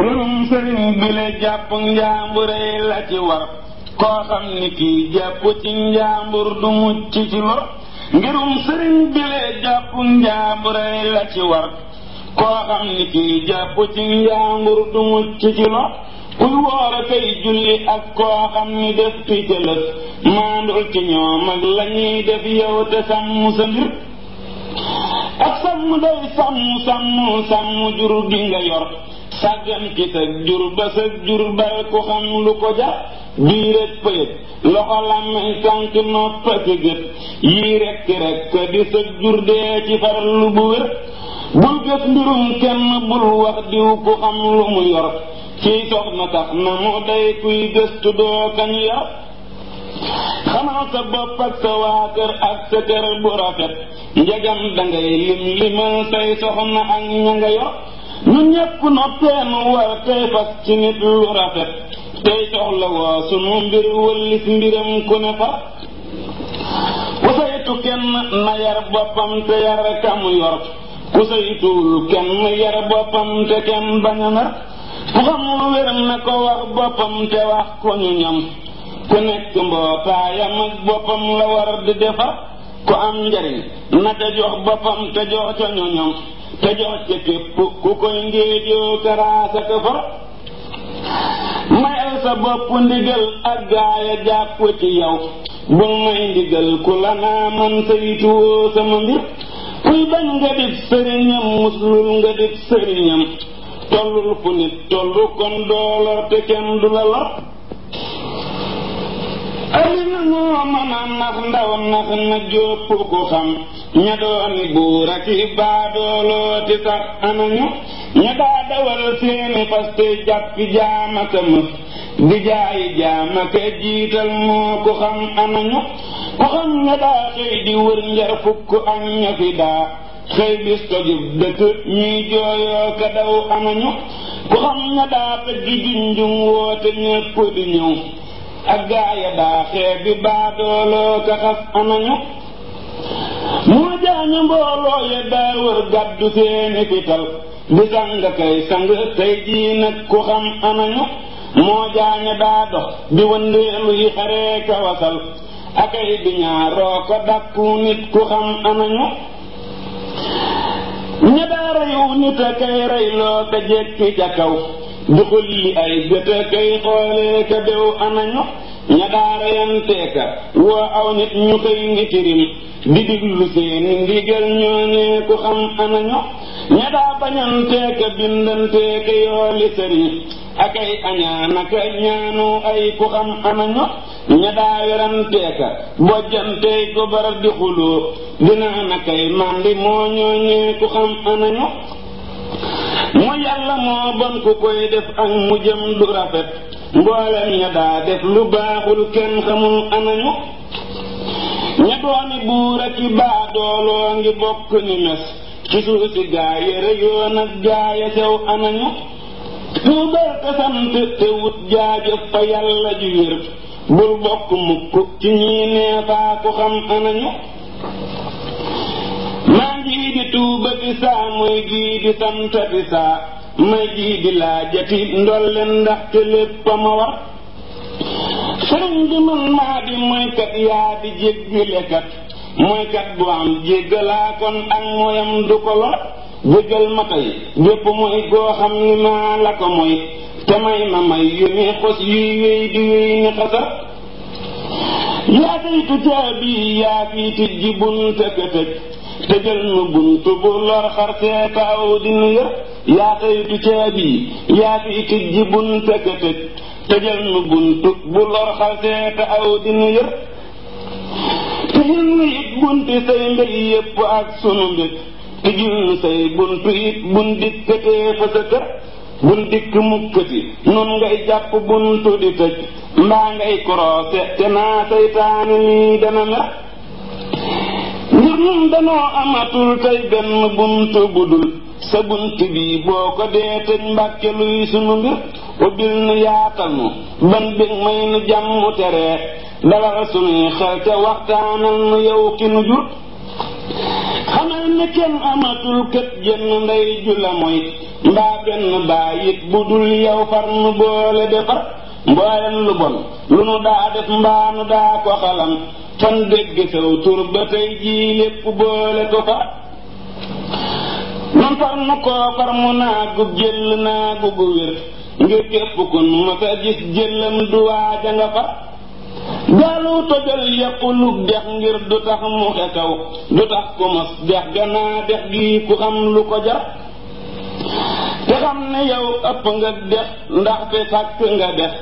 mbirum sëriñ bi jàpp njaambure la ci war koo xam ni kii jàpp ci njaambur du mucc ci lor ngirum sëriñ bi jàpp njaambure la ci war koo xam ni kii jàpp ci njaambur du mucc ci lor kuy woor kay julli ak koo xam ni def ci cëlëg maandul ci ñoom ak lañuy def yow te sàmm sa mbir ak sàmm day sàmm sàmm sàmm jur gi yor sàggan ki sa jur ba sa jur ku xam lu ko jar bii rek loxo làmmiñ tànk nopp ak gët yii rekk rekk di sa dee ci farlu bu wér bul gës mbirum kenn bul wax diw ku xam lu mu yor ciy soxna tax na mu day kuy gëstu doo kañ yor xamal sa bopp sa waa kër ak sa bu rafet njegam dangay lim limal say soxna ak ña nga yor ñun ñépp noppee nu war tey fas ci nit lu rafet tey soxla waa sunu mbir wëllis mbiram ku ne fa wasaytu kenn na yar boppam te yar kam yor ku saytuwul kenn yar boppam te kenn bañ a ku xam wér na ko wax boppam te wax ko ñu ñam ku nekk mbootaayam ak boppam la war di defar ku am njariñ na te jox boppam te jox ca ñu ñam te jox ca képp ku koy ngéejoo karaasa ka mayal sa bopp ndigal ak gaaya jàpp ci yow bul may ndigal ku la naa man saytuwoo sama mbir kuy bañ nga dig sëriñam muslul nga dig sëriñam tollul fu nit tollu kon doo lor te du la lor alin moo mama nax ndaw nax na jóob ko xam ña doon buur ak i baadooloo ti sax anuñu ña daa dawal seeni paste jàppi jaamaka mës di jaayi jaamaka jiital moo ko xam anuñu ko xam ña daa xëy di wër njar fukk ak ña fi daa xëy bis tojub dëkk ñuy jooyoo ka daw anuñu ko xam ña daa tëggi junjum woote ñépp di ñëw ak gaa ya baaxee bi ko ka xas anañu moo jaañu mbooloo ya wër gàddu seeni fital di sang kay sang tey jii ku xam anañu moo jaañu daa dox wëndeelu yi xaree ka wasal akay bi ñaaroo ko dàkku nit ku xam anañu ña daa reyu nit a kay reyloo ka jekki ca kaw duxulli ay gëtë kay xoolee ka bew anañu ña daara yanteeka woo aw nit ñu koy ngitirim di diglu seeni ndigal ñooñee ku xam anañu ña daa bañanteeka bindanteeka yooli sëriñ akay añaan aka ñaanu ay ku xam anañu ña daa weranteeka bojjantey ko bara di xuloo dina nakay mandi moo ñooñee ku xam anañu mu yàlla moo bon ku koy def ak mu jëm du rafet mboolem ña daa lu baaxul kenn xamul anañu ña doomi buur ak i baadooloo ngi bokk ni mes ci suuf si gaaya rëyoon ak gaaya sew anañu ñu bër te sant te wut jaajëf fa yàlla ju wér bul bokk mukk ci ñii neefaa ku xam anañu maa ngi di tuuba di mooy gii di santa di saa may gii di laajati ndolle ndaxte lépp a ma war sëriñ bi man maa di moykat yaa di jéggalekat moykat bu am jéggalaa ak moyam du ko jéggal ma tey bépp mooy goo ni maa la ko moy te may ma may yu ni xos yuy wéy di wéy ni xasar yaa tey tujaabi yaa fii tijji bunte ka tëj tëjal ma buntu bu lor xartee taaw din ya yaa taytu caabi yaa fi tijji bunte ka tëj tëjal ma buntu bu lor xartee taaw din ya tëjal ma it bunti say mbir yépp ak sunu mbir tijjil nu say buntu it bun dikkatee fa sa kër bun dikk mukkati nun ngay jàpp buntu di tëj mbaa ngay korose te naa saytaane lii dana la ñun danoo amatul tey benn buntu budul sa bunt bi boo ko dee tëj mbàkke luy sunu mbir ubbil nu yaatal nu ban bég may nu jàmm teree dalal sunuy xel te waxtaanal nu yow ki nu jur xamal ne kenn amatul kët jënn ndey ju mooy mbaa benn baay it budul yow far nu boole defar mboolem lu bon lu nu daa def mbaa nu daa ko xalam fan dëgg saw tur ba tey jii lépp boole ko fa man far mu koo far mu naagu jël naagu gu wér ngir képp kun mos a gis jëlam du waaja nga fa gaalu tojal yàqu lu dex ngir du tax mu xetaw du tax ku mos dex ganaa dex gi ku xam lu ko jar te xam ne yow ëpp nga dex ndaxte sàkk nga dex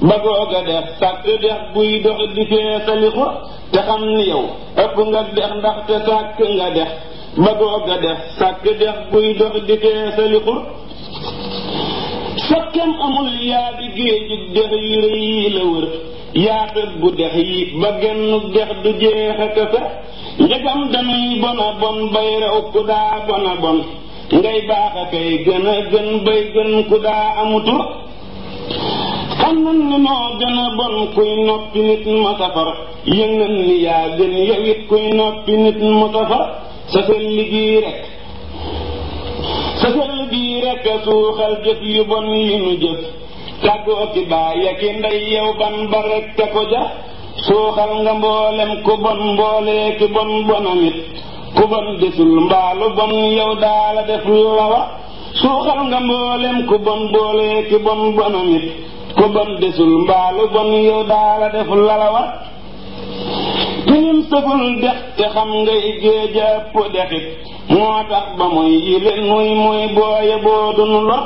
ba boog a def sàkk dex buy dox di feesali ko te xam ni yow ëpp nga dex ndax te sàkk nga dex ba boog a def sàkk dex buy dox di feesali ko sakkem amul yaa di géeju dex yu rëy la wër yaatut bu dex yi ba genn dex du jeex a kese njëgam dañuy bon a bon bay rew ku daa bon a bon ngay baax a gën a gën bay gën ku daa amutu xam nan ne a a suuxal ko ja suuxal nga mboolem ku bon mboolee bon bonamit ku bon desul mbaalu bon yow daala def lawa suuxal nga mboolem ku bon mboolee bon bonamit ku bam desul mbaalu bon yow daala def lala war tilim sëful dex te xam ngay géej a ëpp dexit moo tax ba muy yileen muy muy boo dunu lor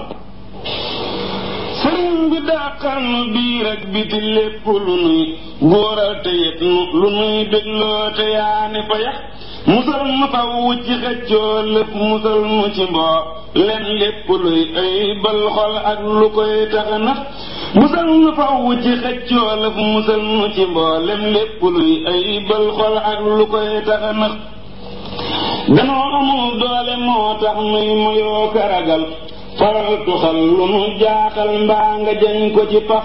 sëriñ bi dàqal nu biir ak biti lépp lu nuy góoral te lu nuy dégloo te yaa fa yax musal nu faw ci xëccoo lépp musal nu ci mboo leen lépp luy ayibal xol xol ak lu koy taxa nax danoo doole moo tax nuy moyoo karagal faral tuxal lu nu jaaxal mbaa nga jañ ko ci paf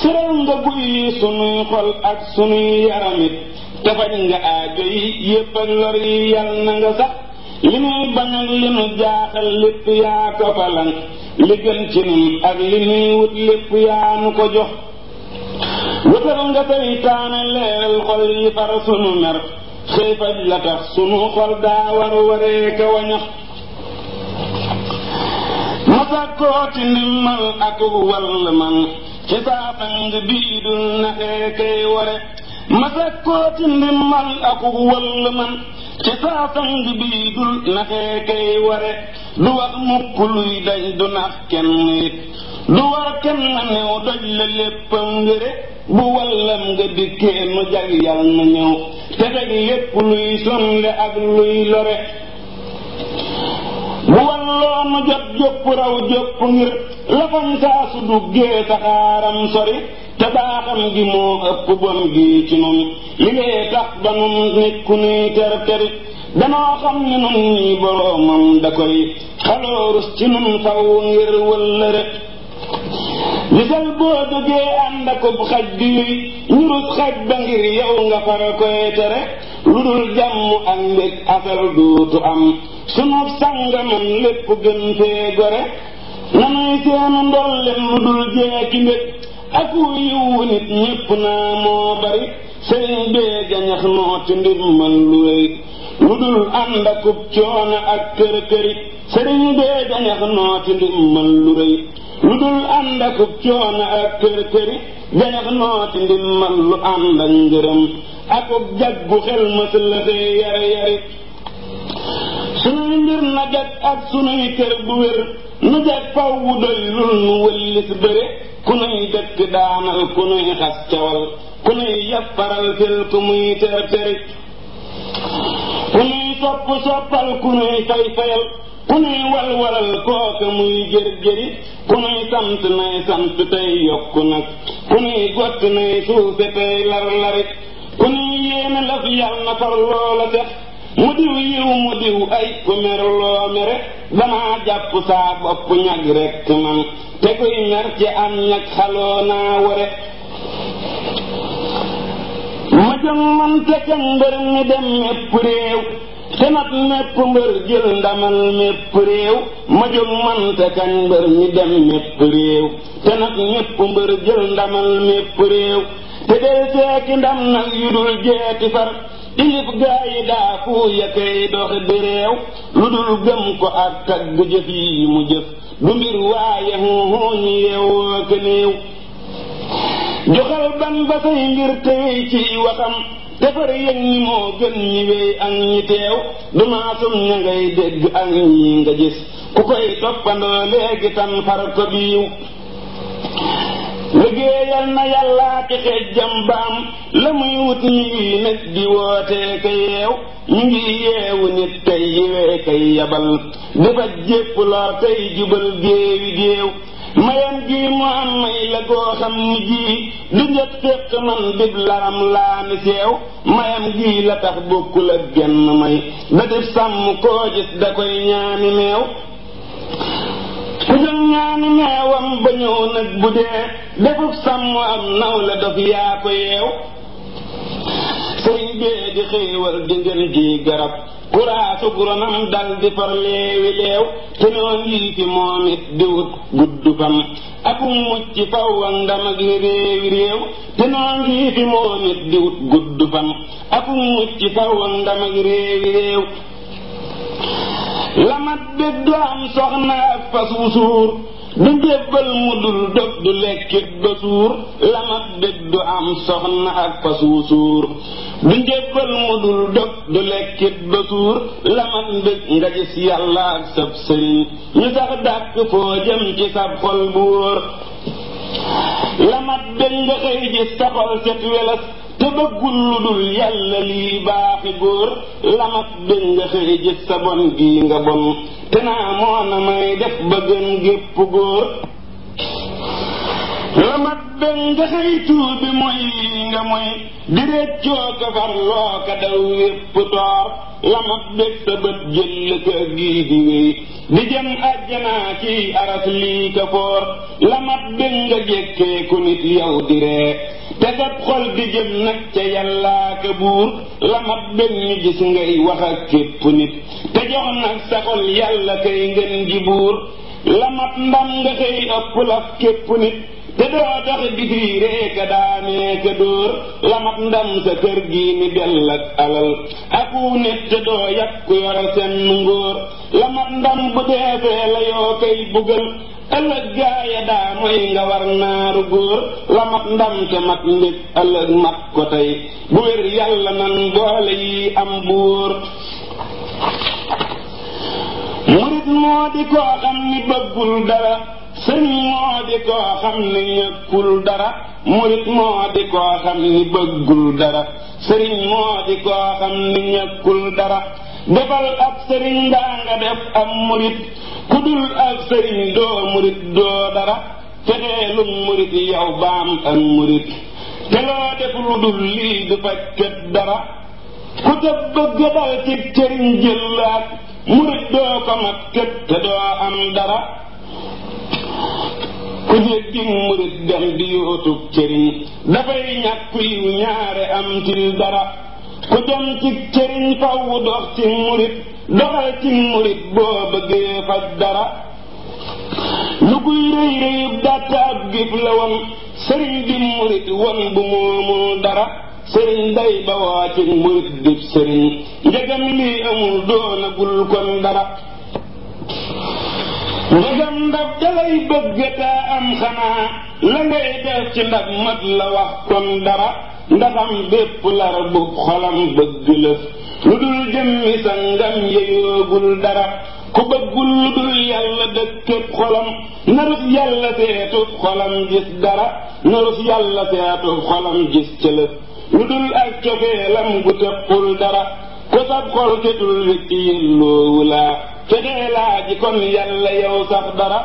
sëral nga buy sunuy xol ak sunu yaramit te faj nga aajo yi yépp ak yi yal na nga sax li nuy bañ li nu jaaxal lépp yaa ko balan li gën ci nun ak li nuy wut lépp yaa ko jox wëtal nga seytaane leeral xol yi far sunu mer xëy faj la tax sunu xol daa waree ka wañax mu sàkkooti ndimmal ak wall man ci saafang bii dul naxee kay ware ma sàkkooti ndimmal ak wall man ci saafang bii dul naxee kay ware du wax mukk luy dañ du nax kenn it du war kenn new doj la léppam ngëre bu wallam nga dikkee nu jag yal na ñëw te teg lépp luy sonle ak luy lore sonn jot jópp raw jópp ngir lafam saa su duggee taxaaram sori te baaxam gi moo ëpp bon gi ci nun li lee tax ba nun nit ku nuy ter teri danoo xam nun nii boroomam da koy xaloorus ci nun faw ngir wëllëre misal boo duggee ànd akub xaj bi ñurus xaj ba ngir yow nga fara koy tere lu dul jàmm ak mbég asal duutu am sunub sàngamam lépp gën fee gore nanuy seenu ndollem lu dul jeeki mbég ak wu yiwu nit ñépp naa moo bari sëriñ bee gañax noo ci ndimmal lu wéy lu dul ànd coono ak kër këri sëriñ bee gañax noo ci ndimmal lu rëy lu dul ànd ak coono ak kër këri jañax nooti ndimmal lu ànd ak ngërëm ak jaggu xel masalasee yare yare sunuy mbir na jag ak sunuy kër bu wér nu jag faw wu doy lul nu wëllis bëre ku nuy dëkk daanal ku nuy xas cawal ku nuy yaffaral fil ku muy ter teri ku nuy sopp soppal ku nuy fay fayal ku nuy walwalal kooka muy jër-jëri ku nuy sant nay sant tey yokku nag ku nuy gott nay suufe tey lar-larit ku nuy yéene laf na far loola mu diw yiw mu diw ay ku mer loo mere damaa jàpp saa bopp ñag rekk man te kuy mer ci am ñag xaloo naa ware ma jëm man te ca mi dem mépp te nag mépp mbër jël ndamal mépp réew ma jóg man te mbër mi dem mépp réew te nag mépp mbër jël ndamal mépp réew te del seeki ndam nag yu dul jeeti far ilif gaa daa fuu yakay doxi di lu dul gëm ko ak tagg jëf mu jëf du mbir waaye xuuxuñu yeewoo ka joxal ban ba say mbir tey ci waxam defar yëg ni moo gën ñi wéy ak ñi teew du maasum ña ngay dégg ak ñi nga gis ku koy toppandoo léegi tam far ko biiw liggéeyal na yàllaa ci xejjam baam la muy wut ñu ngi nekk wootee ka yeew ñu ngi yeewu nit tey yiwee kay jépp lor tey jubal géewi géew mayam gi mu am may la goo xam ni du njët téq man dib laram laa mi seew mayam gii la tax bokkul ak genn may da def sàmm koo gis da koy ñaani meew ku jël ñaani meewam ba ñëw nag bu dee defub sàmm am naw la yaa ko yeew sëriñ bee di xéewal di ngën gi garab kuraasu guronam dal di far leewi leew te noon yii fi moom di wut gudd fam akum mucc faw ak ndam ak te noon yii fi moom di wut gudd fam akum mucc faw ak ndam ak lamat dëgg du am soxna ak fas wu du jébbal mu dul dog du lekkit ba suur lamat dëj du am soxna ak fasu suur du jébbal mu dul dog du lekkit ba suur lamat dëj nga gis yàlla ak sab ñu sax dàkk foo jëm ci sab xol bu wóor lamat dëj nga xëy gis sa xol set welas te bëggul lu dul yàlla lii baaxi góor lamat dëng xëy gis sa bon gii nga bon te naa moo may def ba gépp góor lamat dëng xëy tuubi mooy lii nga mooy di réccoo ko loo ko daw wépp toor lamat bég sa bët jëll ko gii di wéy di jëm àjjanaa ci aras lii ka foor lamat dëng nga ku nit yow di ree te sab xol bi jëm nag ca yàllaa buur la mat benn gis ngay wax ak képp nit te jox nag sa xol yàlla kay ngën gi buur la mat ndam nga xëy ëpp laf képp nit te doo tax digri reeka daanee ka dóor lamat ndam sa kër gi ni dell ak alal aku nit te doo yàq ku yore seen ngóor lamat ndam bu deefee la koy bugal ëllëg gaaya daa mooy nga war naaru góor la mat ndam mat mbég ëllëg mat ko tey bu wér yàlla nan boole yi am buur murit moo di koo xam ni bëggul dara sëriñ moo di koo xam ni ñëkkul dara murit moo di koo xam ni bëggul dara sëriñ moo di koo xam ni ñëkkul dara defal ab sëriñ baa nga def am murit ku dul ab sëriñ doo murit doo dara fexeelum murit yow baam am murit te loo def lu dul lii du faj kat dara ku tëb bëgg dal ci cëriñ jëllaat murit doo ko mat kat te doo am dara ku jéggi murit dem di yootub cëriñ dafay ñàkk yiw ñaare am til dara ku dem ci cëriñ faw dox murit doxal ci murit boo bëggee faj dara lu kuy rëy rëyub dàtt ab gif la woon sëriñ di murit won bu moomu dara sëriñ day bawaa ci murit dib sëriñ njëgam lii amul doonagul kon dara wasam ndab dalay bëgg taa am xanaa la ngay def ci ndab mat la wax kon dara ndafam bépp lar bu xolam bëgg lëf lu dul jëmmi sa yeyoogul dara ku bëggul lu dul yàlla dëkkëb xolam narus yàlla seetub xolam gis dara narus yàlla seetub xolam gis cëlëf lu dul ak cofeelam gu tëppul dara ku sab xol ketul wékk yëlloowu laa te dee laaji kon yàlla yow sax dara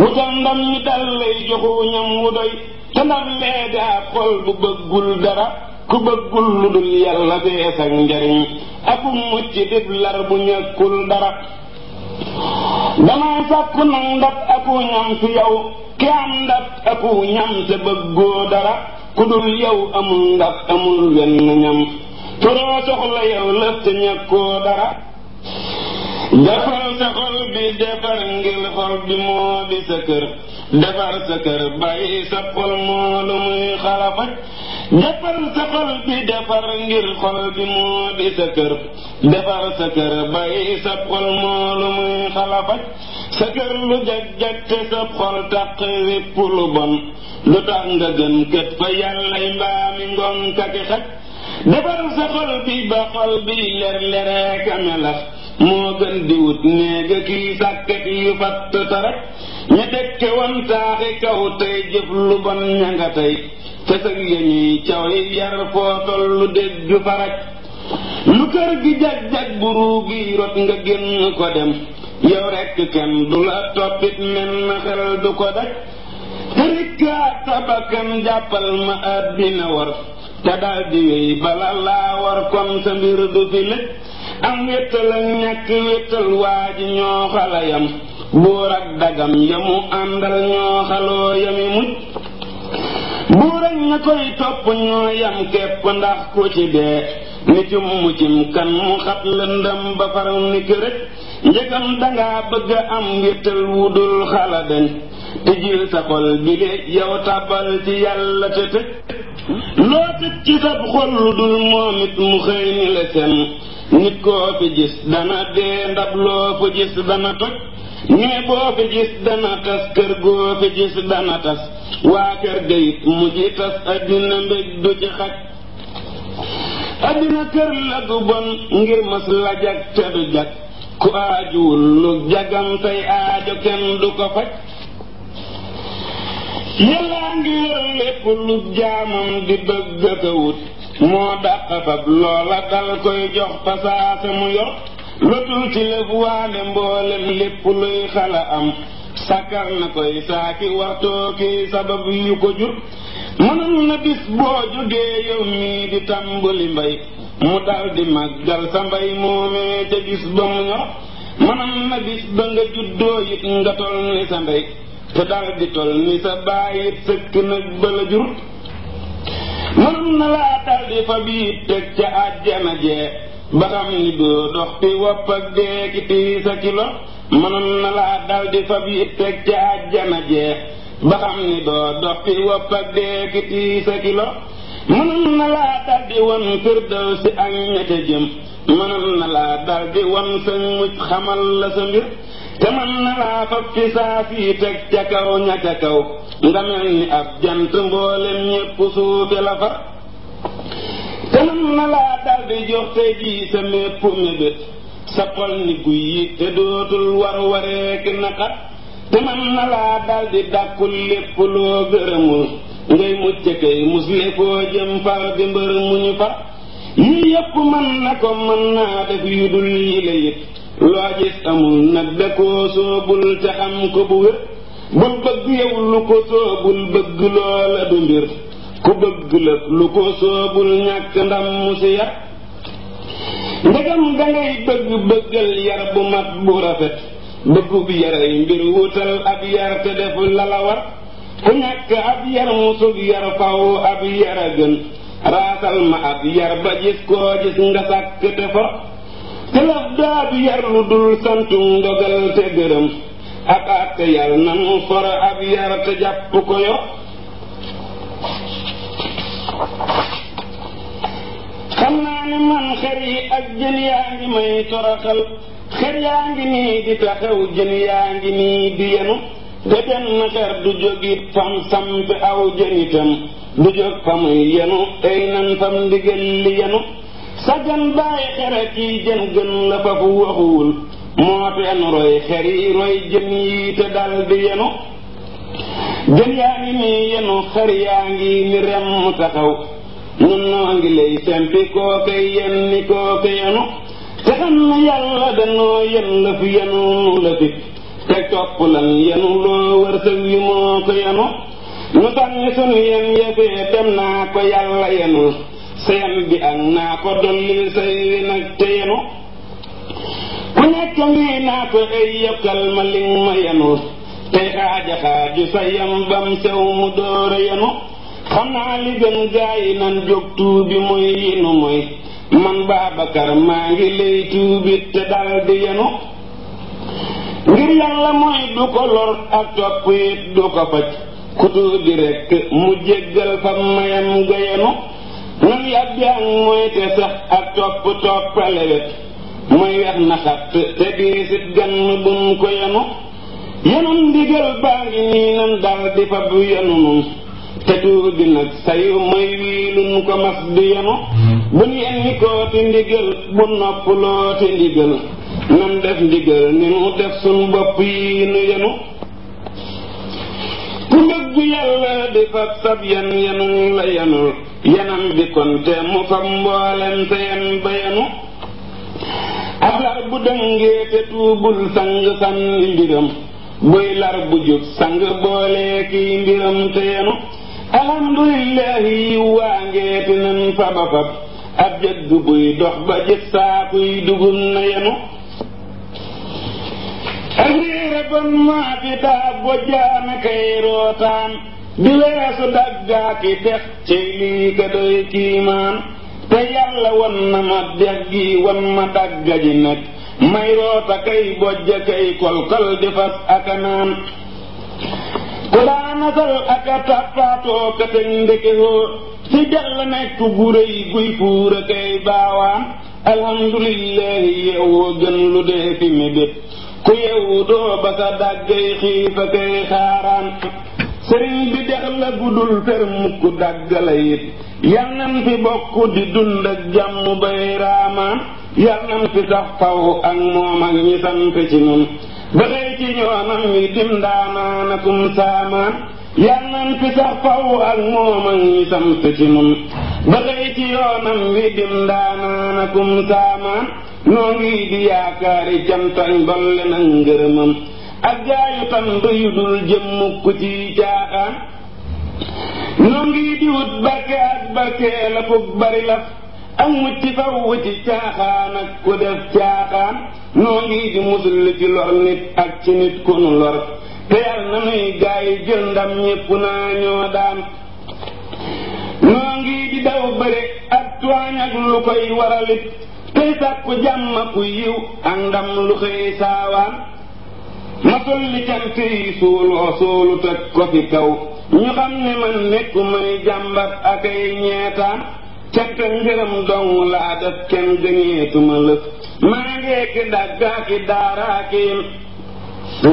wutal ndam mi dal joxu ñam wu doy te ndam lee daa bu bëggul dara ku bëggul lu dul yàlla dee sa njariñ akum mucc dib lar bu ñàkkul dara damay sàkku nag ndab aku ñam fi yow ki am ndab aku ñam te bëggoo dara ku dul yow amul ndab amul wenn ñam toroo soxla yow lëf te ñàkkoo dara defal sa xol bi defar ngir xol bi moo di sa kër defar sa kër bàyyi sa xol moo lu muy xalafaj defar sa xol bi defar ngir xol bi moo di sa kër defar sa kër bàyyi sa xol moo lu muy xalafaj sa kër lu jag-jag te sa xol taq wépp lu bon lu tax nga gën kët fa yàllay mbaami ngoon kaki xaj defar sa xol bi ba xol bi ler lereeka melax moo gën di wut néega kii sàkkat yu fatt tarak ña dëkke wantaaxi kaw tey jëf lu bon ña nga tey fësëg yañuy caw yi yar footol lu dégg farak lu kër gi jag-jag bu ruugi rot nga génn ko dem yow rekk kenn du la toppit men na xel du ko daj tërikaat tabakan jàppal ma àddina war te daal di bala laa war kon sa mbir du fi lëj am wéttal ak ñàkk wéttal waa ji ñoo xala yam buur ak dagam yamu àndal ñoo xaloo yami muj buur ak ña koy topp ñoo yam képp ndax ku ci dee nitum muccim kan mu xat lëndam ba faraw ni kërëj njëgam danga bëgg am wéttal wudul xala dañ tijjil sa xol bi de yow tàbbal ci yàlla te tëj loo tëj ci sab xol lu dul moom it mu xëy ni la nit koo fi gis dana dee ndab loo fi gis dana toj ñee boo fi gis dana tas kër goo fi gis dana tas waa kër ga mu ji tas addina mbég du ci xaj addina kër la gu bon ngir mas la jag te du jag ku aajuwul lu jagam say aajo kenn du ko faj yàlla ngi yor lépp lu jaamam di bëgg ak a wut moo dàq fab loola dal koy jox pasaasa mu yor lotul ci lëf waane mboolem lépp luy xala am sakkar na koy saaki waxtoo kii sabab yu ko jur mënul na bis boo jógee yow mii di tàmbali mbay mu dal di màggal sa mbay moomee ca bis ba mu ñor mënul na bis ba nga juddoo it nga tol ni sa ndey te dal di tol ni sa bàyyi sëkk nag bala mën na laa dal di fa teg ca àjjana jee ba xam ni doo dox ti wopp ak dee ki tiisa ki na laa dal di fa biit teg ca àjjana jee ba xam ni doo dox ti wopp ak dee ki tiisa ki na laa dal di won firdaw si ak ña jëm mënoon na laa dal won sa mucc xamal la sa mbir te man na laa fab ci saafii teg ca kaw ña ca kaw nga mel ni ab jant mboolem ñépp suufe la far te na laa daldi jox tey jii sa mépp mébét sa xol ni guy te dootul war wareeki naqar te na laa daldi dàkkul lépp loo gërëmul ngay mucc kay musle koo jëm far di mbër mu ñu far yii yépp man na ko mën naa def yu dul yi yit loo gis amul nag da koo soobul te xam ko bu wér bul bëgg yow lu ko soobul bëgg loola du mbir ku bëgg lëf lu ko soobul ñàkk ndam si yàq ndegam dangay bëgg bëggal yar bu mat bu rafet bëggub yaray mbir wutal ab yar te def lala ku ñàkk ab yar mu sug yar faw ab yar a gën raasal ma ab yar ba gis koo gis nga sàkk te fa telef daab yar lu dul santum ndogal te gërëm ab àtte nan fora ab yar te jàpp ko yo xam naa ne man xer yi jën yaa ngi may toroxal xer yaa ngi nii di taxaw jën yaa ngi nii di yenu te benn xer du jógit fam samp aw jën itam du jóg famuy yenu ay nan fam ndigal li yenu sagan bàyyi xere kii jën gën la fa waxuwul moo teen roy xer roy jën yi te dal yenu jën yaa ngi nii yenu xer yaa ngi ni remm taxaw ñun noo ngi lay sempi kooke yen ni yenu te xam ne yàlla danoo yen la fi yenu nu la fi te topp lan yenu loo wërsëg yu moo ko yenu nu tànni sunu yen yefee dem naa ko yàlla yenu seen bi ak naa ko dolli say nag te yenu ku nekk nii naa ko ay yokkal ma li ma yenu tey xaaja xaaju sa yam sew mu door yenu xam li gën gaa nan jóg tuubi mooy yinu mooy man Babacar maa ngi lay tuubi te dal yenu ngir yàlla mooy du ko lor ak topp it du ko faj ku tuubi rekk mu jéggal fa mayam ga yenu man yàbbi am mooy te sax ak topp toppale wet muy wex naxat te diisit gann buñ ko yenu yenun ndigal baa ngi nii nan dal di fab yenu nun te tuubi nag sayu mooy wii luñ ko mas di yenu buñ yenni kooti ndigal bu nopp looti ndigal nan def ndigal ni nu def suñ bopp yenu ku ndëgg yàlla di fab sab yen yenun la yenul yanam bi kon te mu fam mboolem sa yan bayanu ab lar bu dëngee te tuubul sang sànni mbiram buy lar bu jub sang boolee kiy mbiram te yanu alhamdulillahi yi waa ngeeti nan faba fab ab jëgg buy dox ba jëf saakuy dugum na yanu ak réere maa fi daa bojjaame kay di weesu daggaaki dex ci lii ka doy kiimaan te yàlla won na ma dex gi won ma dagga ji nag may roota kay bojja kay kolkol di fas aka naan ku daa nasal aka tappaatoo ka teg ndekehoo ci dex la nekk gu rëy guy fuura kay baawaan alhamdulillahi yeewoo gën lu dee fi mébét ku yeewu doo ba sa daggay xiifa kay xaaraan sëriñ bi dex la guddul fer mukk dàggala it fi bokk di dund ak jàmm bay raama yal fi sax faw ak moom ak ñi sant ci ñun ba xëy ci ñoonam yi dim ndaamaanakum ak moom saamaan noo ngi di yaakaari cant ak dolle nag ngërëmam ak jaayu tant yu dul jëm mukk ci caaxaan noo ngi di wut barke ak barke la fukk bari laf ak mucc faw ci caaxaan ak ku def caaxaan noo ngi di musul ci lor nit ak ci nit ku nu lor te na nuy gaa yi jël ndam ñépp naa ñoo daan noo ngi di daw bëre ak tuwaañ ak lu koy waralit tey sàkku jàmm ku yiw ak ndam lu xëy saawaan ma dolli cant yi suuloo suulu teg ko fi kaw ñu xam ne man nekku may jàmbat ak ay ñeetaan cant ngërëm dong laa def kenn gëñeetuma lëf maa ngeeki dàggaa ki daaraa kiim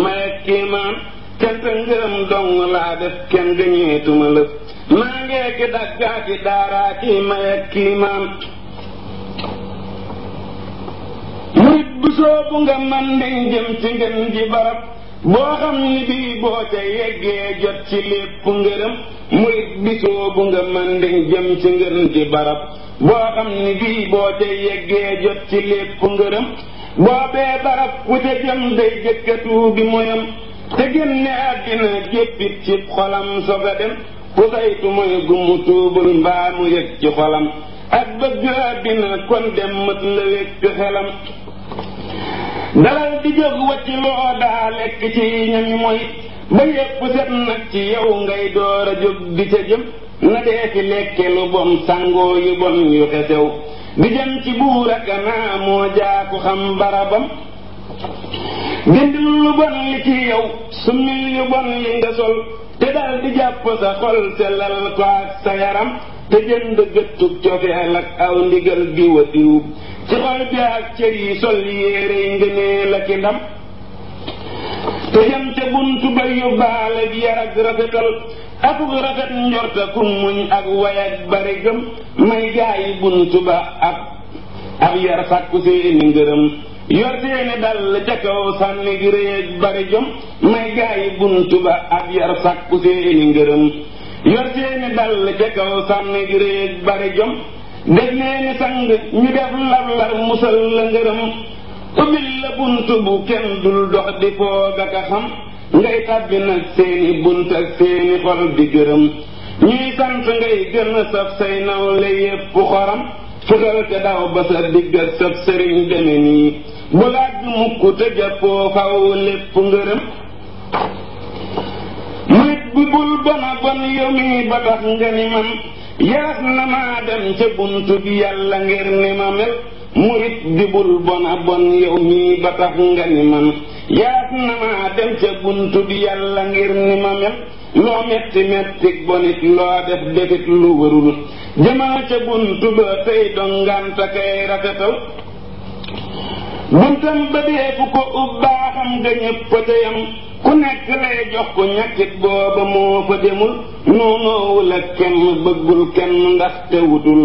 mayeg kiimaan cant ngërëm dong laa def kenn gëñeetuma lëf maa ngeeki dàggaa ki daaraa kii mayeg kiimaan murit bu soobu nga man jëm ci ngën ji barab boo xam ni bii boo ca yeggee jot ci lépp ngërëm murit bi soobu nga man jëm ci ngën ji barab boo xam ni bii boo ca yeggee jot ci lépp ngërëm boobee barab ku ca jëm day jëkkatuu bi moyam te génne àddina jéppit ci xolam soog a dem ku saytu mooy gumu tuubul mbaa mu yëg ci xolam ak bëgg àddina kon dem mët la wékk xelam dalal di jóg wacc loo daa lekk ci ñami mooy ba yépp set nag ci yow ngay door a jóg di ca jëm na dee fi lekke lu bon sangoo yu bon yu xesew di jëm ci buur ak naa moo jaaku xam barabam dindil lu bon li ci yow summil yu bon li nga sol te dal di jàpp sa xol sellal ko ak sa yaram te jënd gëttug cofeel ak aw ndigal diwa diw ci xol bi ak cër yi sol yéere yi ngënee la ki ndam te jam ca buntu ba yóbbaale bi yar ak rafetal akuk rafet njorta ku muñ ak way bari gëm may gaa yi ba ab yar sàkku seeni ngërëm yor seeni dal ca kaw sànni gi bari jëm may gaa yi ba ab yar sàkku seeni ngërëm yor seeni dal ca kaw sànni gi bari jëm def leeni sang ñu def lar musal la ngërëm ubbil la bunt bu kenn dul dox di foog ak a xam ngay tàbbi nag seeni bunt ak seeni xol di gërëm ñuy sant ngay gën a saf say nawle yépp xoram futal te daw ba sa digg ak sab sëriñ deme nii bu laaj bi mukk te jàppoo faw lépp ngërëm bu bul bona bon yow ba tax nga ni man yaat na maa dem ca buntu bi yàlla ngir ni ma mel murit di bul bona bon yow ba tax nga ni man yaat na maa dem ca buntu bi yàlla ngir ni ma mel loo metti metti bonit loo def defit lu warul jëmal ca buntu ba tey donganta kay rafetal buntam ba dee fu ko ubbaaxam ga ñëpp a teyam ku nekk lay jox ko ñàkkit booba moo fa demul noonoowul ak kenn bëggul kenn ndax te wutul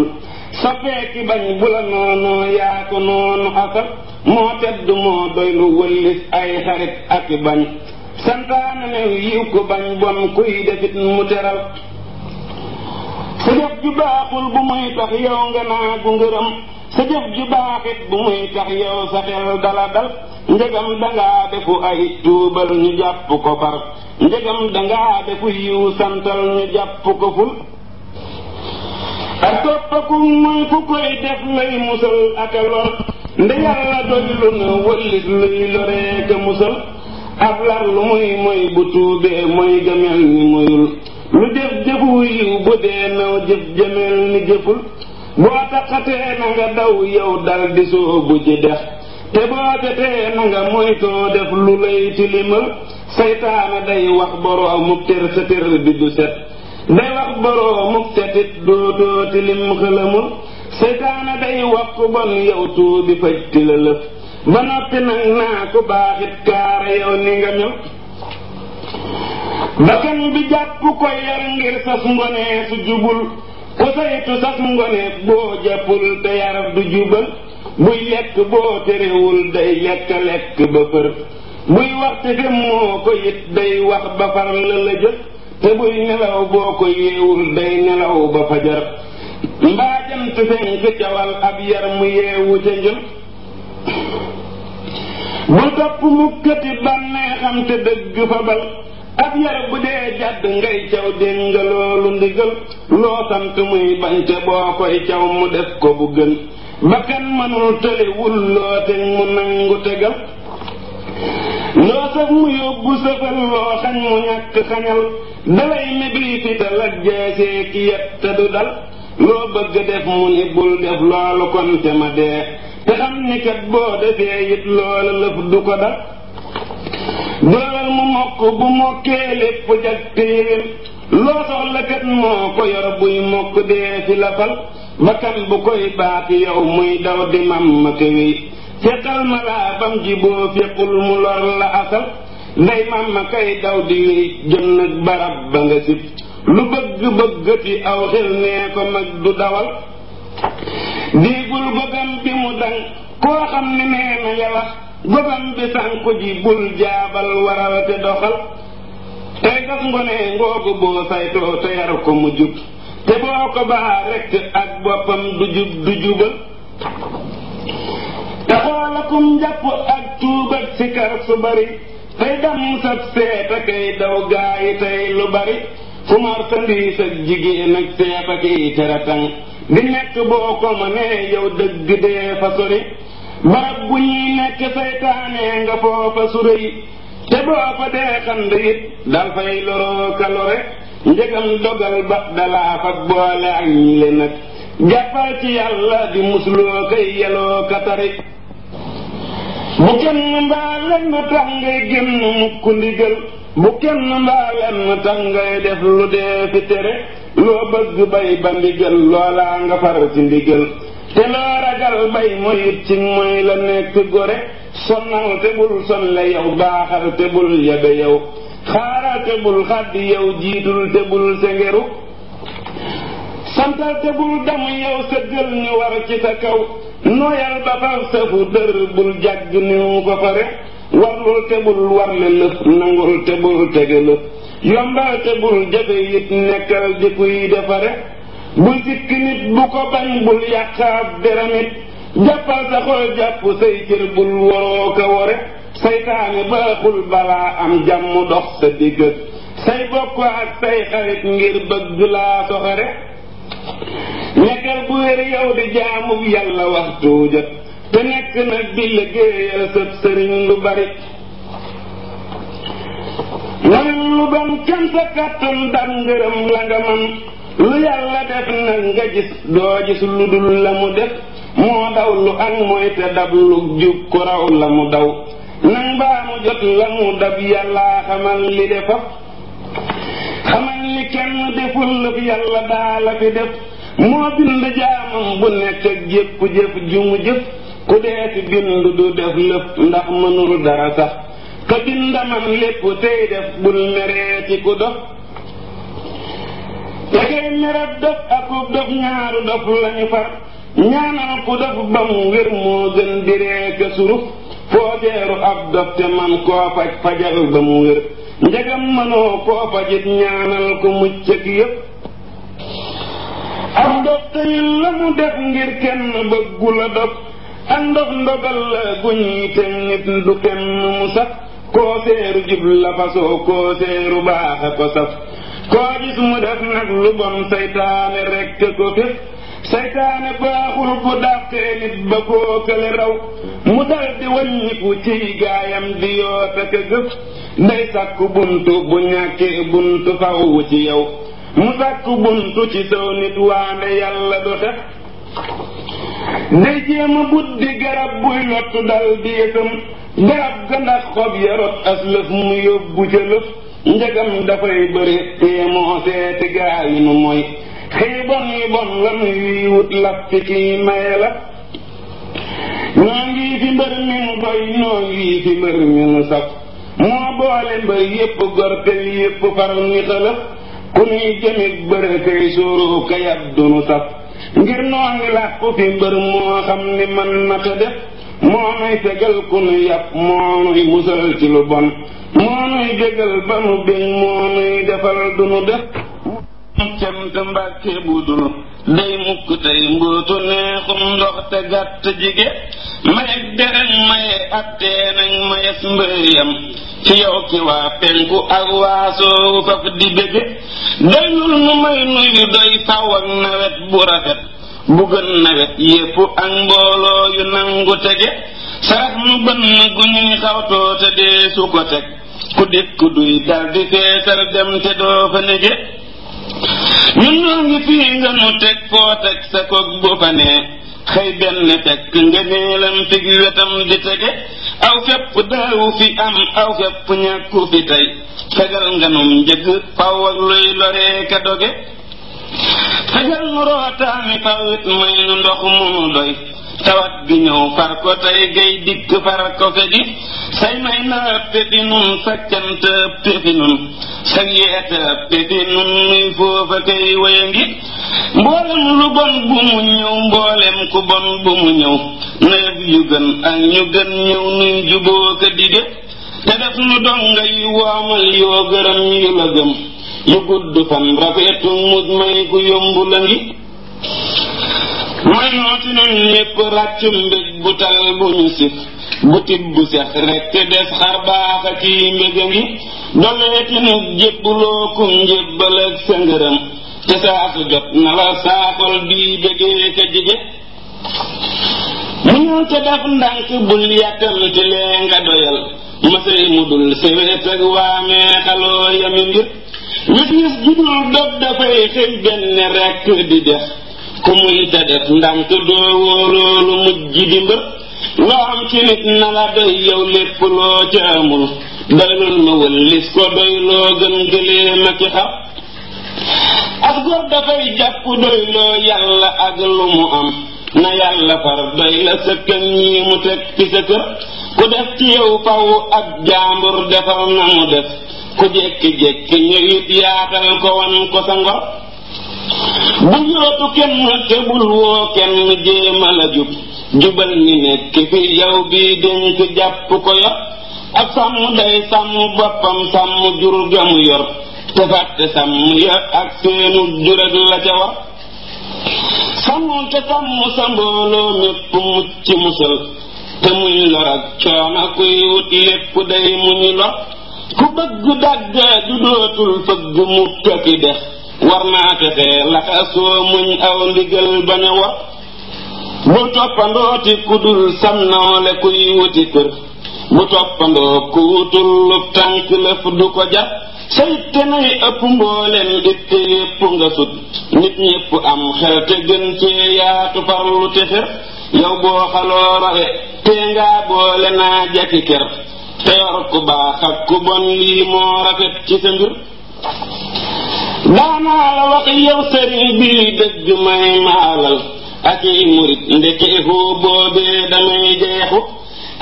soppeeki bañ bu la noonoo yaa noonu asal moo tedd moo doy lu wëllis ay xarit aki bañ santaane ne yiw ko bañ bon kuy defit mu teral sa def ju bu muy tax yow nga naa gu ngërëm sa jëf ju baaxit bu muy tax yow sa xel dala dal njëgam dangaa defu ay tuubal ñu jàpp ko far njëgam dangaa defu yiw santal ñu jàpp ko ful ak toppaku mooy ku koy def lay musal ak a lor nde yàlla doylu na wëllit luy loree musal ab lar lu muy moy bu tuubee moy gamel ni moyul lu jëf jëfu yiw bu dee naw jëf jamel ni jëful boo taqatee na nga daw yow dal di soobu ji dex te boo jotee na nga moytoo def lu lay tilimal seytaane day wax boroomuk tër sa tër bi du set day wax boroomuk setit dootoo tilim xëlamul seytaane day wax ku bon yow tuubi faj ti ba noppi nag naa ku baaxit kaara yow ni nga mel bakkan bi jàpp ko yar ngir sas ngonee jubul ku saytu sas ngone boo jàppul te yaram du jubal buy lekk boo terewul day lekk lekk ba fër buy wax te fem moo ko it day wax ba far la la jël te buy nelaw boo ko yeewul day nelaw ba fajar mbaa jant fenk jawal ab yar mu yeewu ca njël bu topp mukkati bànneexam te dëgg fa bal ab yar bu dee jàdd ngay caw dégg nga loolu ndigal loo sant muy bañte boo koy caw mu def ko bu gën bakkan mënul tëliwul loo teg mu nangu tegal loo saf mu yóbbu safal loo xañ mu ñàkk xañal dalay mébli fi dal ak jeesee ki yet te du dal loo bëgg def mu ni bul def loolu kon te ma dee te xam ni kat boo defee it loola lëf du ko dal dollar mu mokk bu mokkee lépp jag loo soxla kat moo ko yor buy mokk dee fi lafal bakkan bu koy baati yow muy daw di mam ma këwéy feqal bam ji boo fequl mu lor la asal day mam kay daw di wéy jëm nag ba nga sib lu bëgg bëggati aw xel nee ko mag du dawal déegul bëggam bi mu dang koo xam ne nee na ya gobam bi sànku ji bul jaabal waral te doxal tey gas ngone ngoogu boo saytoo te ko mu te boo ko baa rekt ak boppam du jub du jubal te xoolakum njàpp ak tuubak sikar su bari tey dam sab seeta kay daw gaayi lu bari fu marsandiis ak jigéen ak seeta kiy teratan di nekk boo ko mënee yow dëgg dee fa sori barab bu ñuy nekk saytaane nga foofa su rëy te boo fa dee xand it dal fay loroo ka lore njëgam dogal ba dalaa fa boole ak ñi nag jàppal ci yàlla di musloo kay yeloo ka bu kenn mbaa lenn tax ngay génn mukk ndigal bu kenn mbaa lenn tax ngay def lu dee fi tere loo bëgg bay ba ndigal loolaa nga far ci ndigal te loo ragal bay murit ci mooy la nekk gore sonal te bul sonle yow baaxal te bul yabe yow xaaral te bul xaddi yow jiitul te bul sengeru santal te bul damu yow sëggal ñu war ci sa kaw nooyal ba far safu dër bul jàgg niw fa pare warlul te bul warle lëf nangul te bul tege lëf yombal te bul jafe it nekkal di kuy defare bu sikk bu ko bañ bul yàq deramit jàppal sa xol say cër bul waroo ko wore saytaane baaxul balaa am jàmm dox sa digg say bokk ak say xarit ngir bëgg laa soxore nekkal bu wér yow di jaamu yàlla waxtu jot nekk nag di liggéeyal sa sëriñ lu bari nan lu doon kenn sa kàttan daan ngërëm la lu yàlla def nag nga gis doo gis lu dul la mu def moo daw lu ak mooy dab lu jub ku raw la mu daw nang baa mu jot la mu dab yàllaa xamal li defa xamal li kenn deful la yàlla daa la fi def moo bind jaamam bu nekk ak jëpp ju mu jëf ku dee fi bind du def lëf ndax mënul dara sax ka bindamam lépp tey def bul meree ci ku dox lakay merab dof akub dof ñaaru dof lañu far ñaanal ku dof ba mu wér moo gën di reeka suruf footeeru ab dof te man koo faj fajal ba mu wér njagam mënoo koo fajit ñaanal ko mucc ak yépp ab dof teyul la def ngir kenn bëggu dof ak ndof ndogal la guñi te nit du kenn mu sax koo seeru jub fasoo koo seeru baax a ko saf koo gis mu def nag lu bon saytaane rekk ko fekk saytaane baaxul bu dàqee nit ba koo kële raw mu dal di wàññiku ciy gaayam di yoota ka gëf day sàkku buntu bu ñàkkee buntu fawu ci yow mu sàkku buntu ci saw nit waande yàlla du tax day jéema buddi garab buy lottu dal garab ga ndax xob ya rot as lëf mu yóbbu ca lëf njëgam dafay bëri te moo seeti gaa yi nu mooy xëy bon yi bon la nuy wut laf ci maye la ñoo ngi fi mbër mi nu doy ñoo ngi fi mbër mi nu saf moo boole mbër yépp gor yépp faral ni xëlëf ku nuy jëmit bëre kay sóoroo ka yab du nu saf ngir noo ngi làqu fi mbër moo xam ni man na ko def moo nuy tegal ku nu yàpp moo nuy musal ci lu bon moo nuy jégal ba nu bég moo nuy defal du nu def cant mbàkke bu dul day mukk tey mbóotu neexum ndox te gàtt jige mayeg deret maye attee nañ mayes mbëriyam ci yow ki waa penku ak waasoowu faf di bége dañul nu may nuyu doy faw ak nawet bu rafet bu gën nawet yépp ak mbooloo yu nangu tege sarax mu gën gu ñuy xawtoo te dee su ko teg ku dikk duy feesal dem te doo fa nege ñun ñoo ngi fii nga teg foo teg sa koog bu fa nee xëy benn fekk nga fig wetam di tege aw fepp daawu fi am aw fepp ñàkku fi tey fegal nga njëg faw ak luy loree ka doge xajal mu rootaami fawit may nu ndox munu doy tawat bi ñëw far ko tey gay dikk far ko fe say may na ëppe di nun sa cant ëppe foofa kay wéya ngi mboolem lu bon bu mu ñëw mboolem ku bon bu mu ñëw nawet yu gën ak ñu gën ñëw nuy juboo ko di te def nu donga yu woomal yoo gërëm yu la gëm lu gudd fan rafetu mujj may ku yombu la ngi may nooti nun ñépp ràcc bu tal bu ñu sif bu bu sex rek te des xar a ciy mbég a ngi dolli weti nug kum njébbal ak sa te saa su jot na la saaxol bii bégee ka jige mu ñëw def ndànk bul yàkkam lee nga doyal mësay mu dul sewet ak waamee xaloo yami mbir lëtis judul dog dafay xëy benn rekk di def ku muy da def ndànk doo wóoroolu mujj di mbër loo am ci nit na la doy yow lépp loo ca amul doylul ma wëllis ko doy loo gën gëlee ma ki xam as góor dafay jàpp doy loo yàlla ak lu mu am na yàlla far doy la sa yi mu teg ci sa kër ku def ci yow faw ak jaambur defar na mu def ku jékki-jékki ñëwit yaatal ko wan ko sa ngor bu yootu kenn te bul woo kenn jéema la jub jubal ni nekk fi yow bii dénk jàpp ko yor ak sàmm day sàmm boppam sàmm jur gamu yor te fàtte sàmm yor ak seenu jurat la ca war sàmm te sàmm sa mbooloo mépp mucc musal te muy lor ak coono kuy wut lépp day muñu lor ku bëgg dagga du dootul fëgg mukka ki dex war naa fexe laxasoo muñ aw ndigal bañ a war bu toppandooti ku dul sam nawle kuy wuti kër bu toppandoo ku wutul lu tànk lëf du ko jar sayte nay ëpp mbooleem itte yépp nga sut nit ñépp am xel te gën cee yaatu farlu te xër yow boo xaloo rawe te ngaa boole naa jaki ker te ku baax ak ku bon lii moo rafet ci sa mbir daanaa wax yow sëriñ bi dëgg may maalal ak i murit ndekkeeku boobee damay jeexu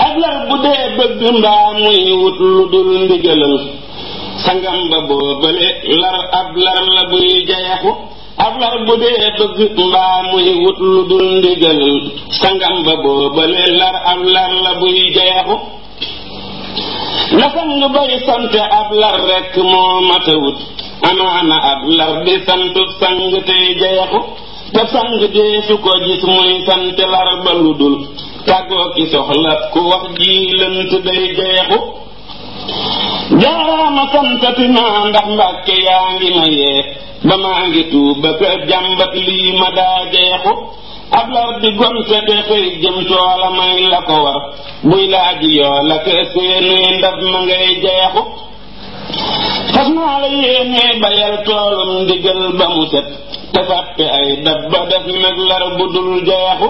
ak lal bu dee bëgg mbaa muy wut lu dul ndigalal sangam boobale lar ab lar la buy jeexu ab lar bu dee bëgg mbaa muy wut lu dul ndigalal sangam boobale lar ab lar la buy jeexu nafam lu bari sant ab lar rekk moo matawut amaana ab lar di santut sang tey jeexu te sang deesu ko gis muy sant lar ba lu dul tàggoo ki soxla ku wax ji lënt day jeexu jaaraama santati naa ndax mbàkke yaa ngi ma yee ba maa ngi tuub ba jàmbat lii ma daa jeexu ab law di gomte de xëy jëm coola may la ko war buy laaj yoo la ko séenuy ndab ma ngay jeexu fas naa la yéene bayal toolum ndigal ba mu set te fàtte ay dab ba def nag lar bu dul jeexu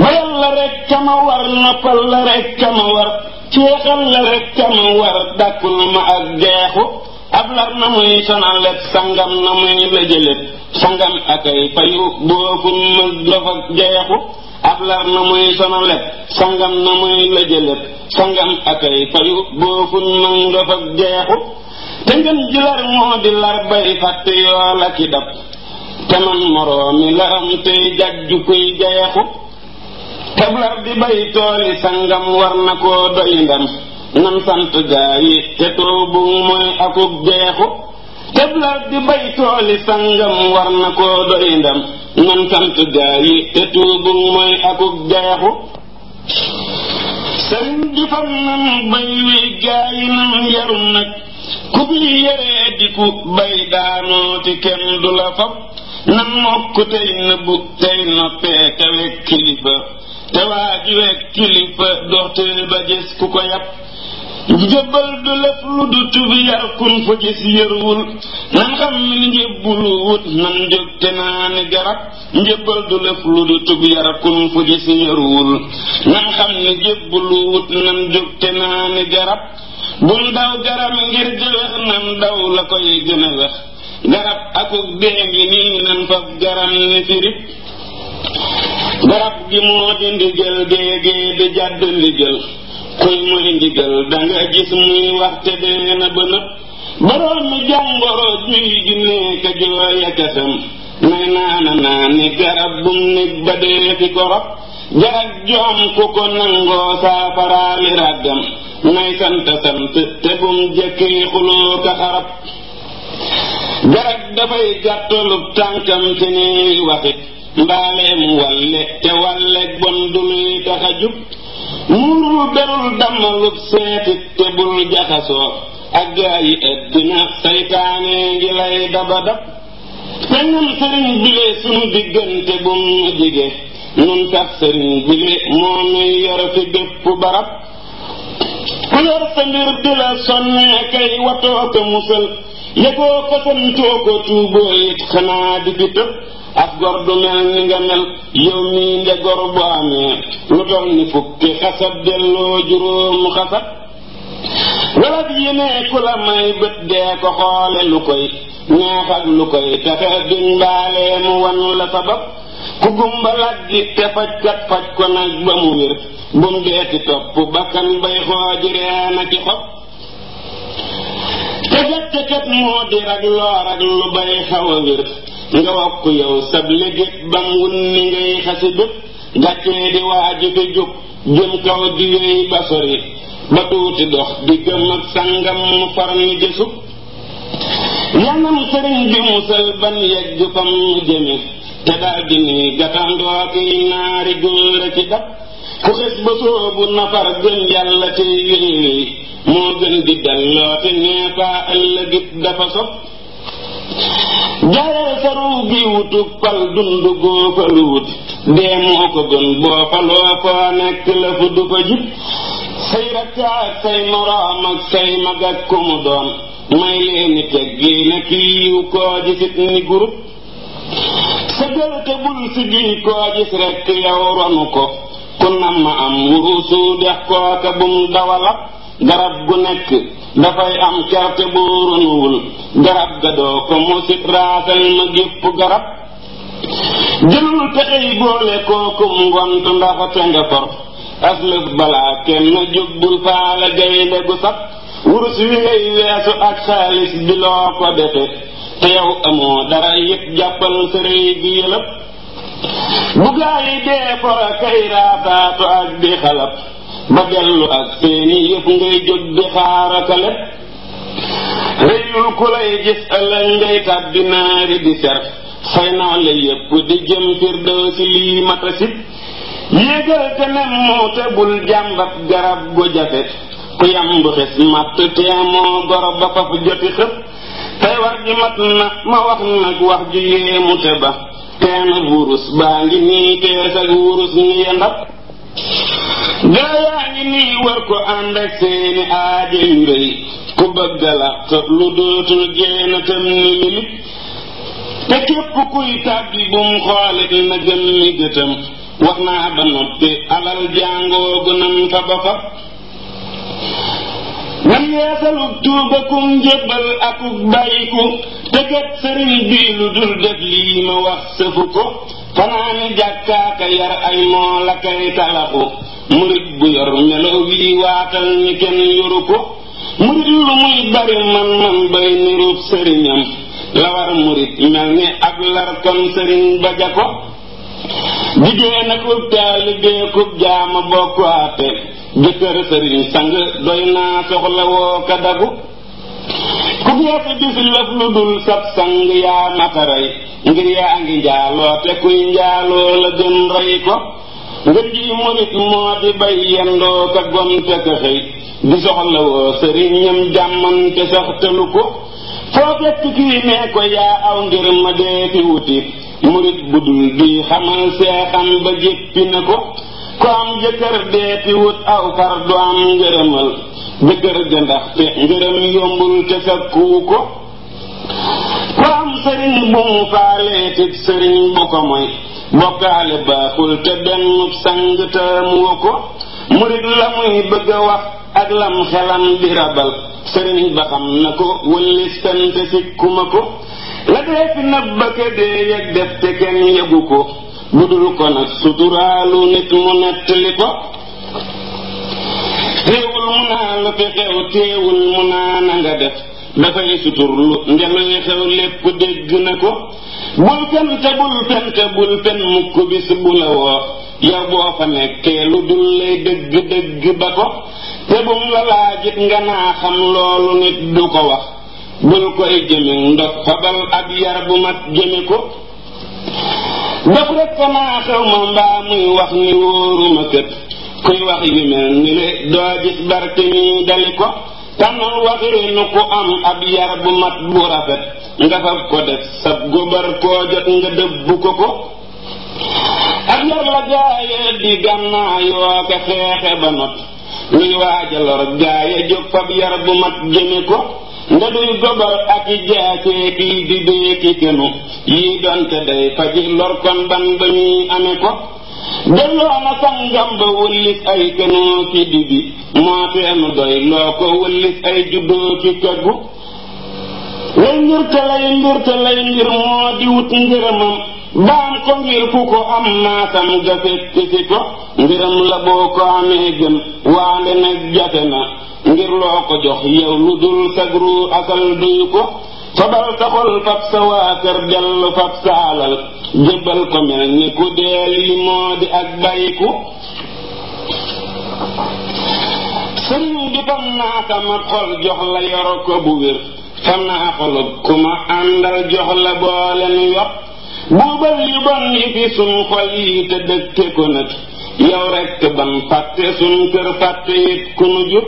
bayal la rek kama war noppal la rek kama war ceexal la rek kama war dàkkul ma ak jeexu ab lar na muy sonalek sangam na muy lëjëlët sangam akay payu boofuñ mës dafa jeexu ab lar na muy sonalek sangam na muy lëjëlët sangam akay payu boofuñ mës dafa jeexu te ngeen ji lar moo di lar bay fàtte yoo la dab te man moroomi laram tey jajju kuy jeexu tablar di bay tooli sangam war na koo doy nan sant gaa yi te toobu mooy akub jeexu teblaat di bay tooli sangam war na koo doy ndam nan sant gaa yi te toobu mooy akub jeexu sëriñ di fan nan bay wi gaa yi nan yaru nag ku di ku bay daanoo kenn du la fab nan mokk tey nëbbu tey noppee kawe kilifa te waa juweeg kilifa doxteel ba gis ku ko yàpp njëbbal du lëf lu du tubi yar kun fa gis yërwul nan xam ni njëbbulu wut nan jóg te naani garab njëbbal yar kun fa gis yërwul nan xam ni garab bul daw garab ngir jëwex nan daw la koy gën wex garab akuk dee ngi nii nan fab garab ni firip garab gi moo di ndigal géegée di jàdd ndigal kuy muy ndigal danga gis muy waxte dee na ba nëpp boroom mi jàngoro ñuy jooy a kasam nay naana naa ni garab bum nit ba dee fi ko rob joom ku ko nangoo saafaraali ràggam nay sant sant te bum jëkkee xuloo ka xarab garab dafay gàttalu tànkam te nii waxit mbaaleem walle te walle bon du luy tax a jub muuru berul dammalub seetit te bul jaxasoo ak gaa yi ëddina saytaane ngi lay daba dab te nun sëriñ bile sunu diggante bu mu jige nun sax sëriñ bile moo nuy yore fi bépp barab ku yor sa mbir di la sonnee kay watoo ko musal yëgoo ko ko tuuboo it xanaa di bi tëb ak gor du mel ni nga mel yow mii nde gor bu amee lu toll ni fukki xasab delloo juróom xasab walat yéenee ku la may bët dee ko xoole lu koy ñaax lu koy tafe duñ mbaalee mu wan la sabab ku gumba làggi te fajkat faj ko nag ba mu wér bum deeti topp bakkan bay xooji reen ak i xob te fekk kat moo di rag loor ak lu bay xaw wér nga wax ko sab légét ba mu wun ni ngay xasi dut gàccee di waaju di jub jëm kaw di wéy ba sori ba tuuti dox di gëm ak mu far ni jësub yanam sëriñ bi musal ban yegg fam mu jëmi te daldi ni gatandoo kiy naari góor a ci ku xes ba soobu nafar gën yàlla ci yén wi gën di dalloo te nee faa dafa sob jaral sa ruu bi wutug fal dund goo falu gën boo faloo foo nekk la fu du fa jub say rakka ak say moroom ak say mag ak ku doon may leeni teggi na kiiw koo gisit ni gurub sa gërte bul si giñ koo rekk yow ronu ko ku nam am wurusu dex kooka bum dawalab garab gu nekk dafay am gerte boo ronuwul garab ga doo ko mosit raasal ma gépp garab jëlul pexe yi boole kookum ngont ndaxate nga kor aslëf balaa kenn jóg bul gaynde gu sax wurus wi ngay weesu ak xaalis bi ko defe te yow amoo dara yëpp jàppal sërëy bi yëlëb bu gaa yi dee fora kay raasaatu ak di xalab ba dellu ak seeni yëf ngay jóg di xaaraka lépp ku lay gis ëllëg ngay tàbbi naari di ser say nawle yépp di jëm firdawsi lii mata sib yéegal te nem moo te jàmbat garab gu jafe ku yam xis matt teemoo goro ba fa joti xëpp tey war ji mat na ma wax nag wax ju yéemu ba teena wurus baa ngi nii tees ak wurus ngi gaa yaa ngi nii war ko ànd ak aaja yu ku bëgg làq lu dootul génnatam ni limit te képp kuy tàbbi bum xoole na gëm ni gëtam wax naa ba noppi alal jàngoogu nan fa fa nan yeesalug tuubakum njébbal akuk bàyyiku tëggat sëriñ bii lu dul def lii ma wax sëfu ko fanaani jàkkaaka yar ay moo la kay talaxu murit bu yor melo wii waatal ni kenn yoru ko murit lu muy bari man man bay nirub sëriñam la war murit mel ni ak larkam sëriñ ba ja ko jigéen akub taalibee kub jaama bokk àtte jëkkër sëriñ sang doy naa soxla woo dagu ku geesu bis lëf lu dul sab sang yaa mataray ngir yaa ngi njaaloo te kuy njaaloo la gën rey ko ngir ji murit moo di bay yendoo ka gonte ka xëy di soxla sëriñ ñam jàmmante sax tëlu ko foo fekk kii nee ko yaa aw ngir ma dee fi wuti murit bu dul duy xamal seexam ba jéppi na ko ko am jëkkër deeti wut aw du am ngërëmal jëkkër ga ndaxte ngërëm yombul te sakkuwu ko ko am sëriñ bu mu faaleetit sëriñ bu ko moy bokkaale baaxul te benn sang taamu ko murit la muy bëgg a wax ak lam xelam di rabal sëriñ ba xam na ko wëllis tante sikkuma ko la dee fi nëbb ak dee yëg def te kenn yëgu ko lu dul ko nag suturaalu nit mu nettali ko teewul mu naa la fi xew teewul mu naa na nga def dafay suturlu ndeluy xew lépp dégg na ko bul fen te bul fen te bul fen bu la woo yow boo fa nekkee lu dul lay dëgg dëgg ba ko te bum la nga naa xam loolu nit du ko wax bul koy jëme ndox fabal ab yar bu mat jëme ko daf rek sama xew ma mbaa muy wax ni wóoruma kët kuy wax yu mel doo gis barke ni dali ko tànnal waxee nu ku am ab yar bu mat bu rafet nga fab ko def sab gobar koo jot nga dëbb ko ko ab yar la gaaye di gànnaa ko xeexe ba not luy waajalor gaaye jóg fab yar bu mat jëme ko nga duy gobar ak i jaasee kii di ki kenu yii donte day faji lor kon ban ba ñuy ame ko delloona sangam ba wëllis ay kenoo ki dibi moo teenu doy loo ko wëllis ay juddoo ki keggu lay mbir lay mbir lay mbir moo di wut ngërëmam daan ko ngir ku ko am maasam ga fekk si ko ngiram la boo ko amee gën waande nag jafe na loo ko jox yow lu dul sagru asal duy ko fabal taxol fab sa waa kër dellu fab saalal jébbal ko mel ku dee lii moo di ak bayiku sëriñ bi fam naa sama xol jox la yor ko bu wér fam naa xolub ku ma àndal jox la boolen yor buubal yu bon yi fi sun xol yi te dëkke ko nag yow rekk ban fàtte sun kër fàtte it ku nu jub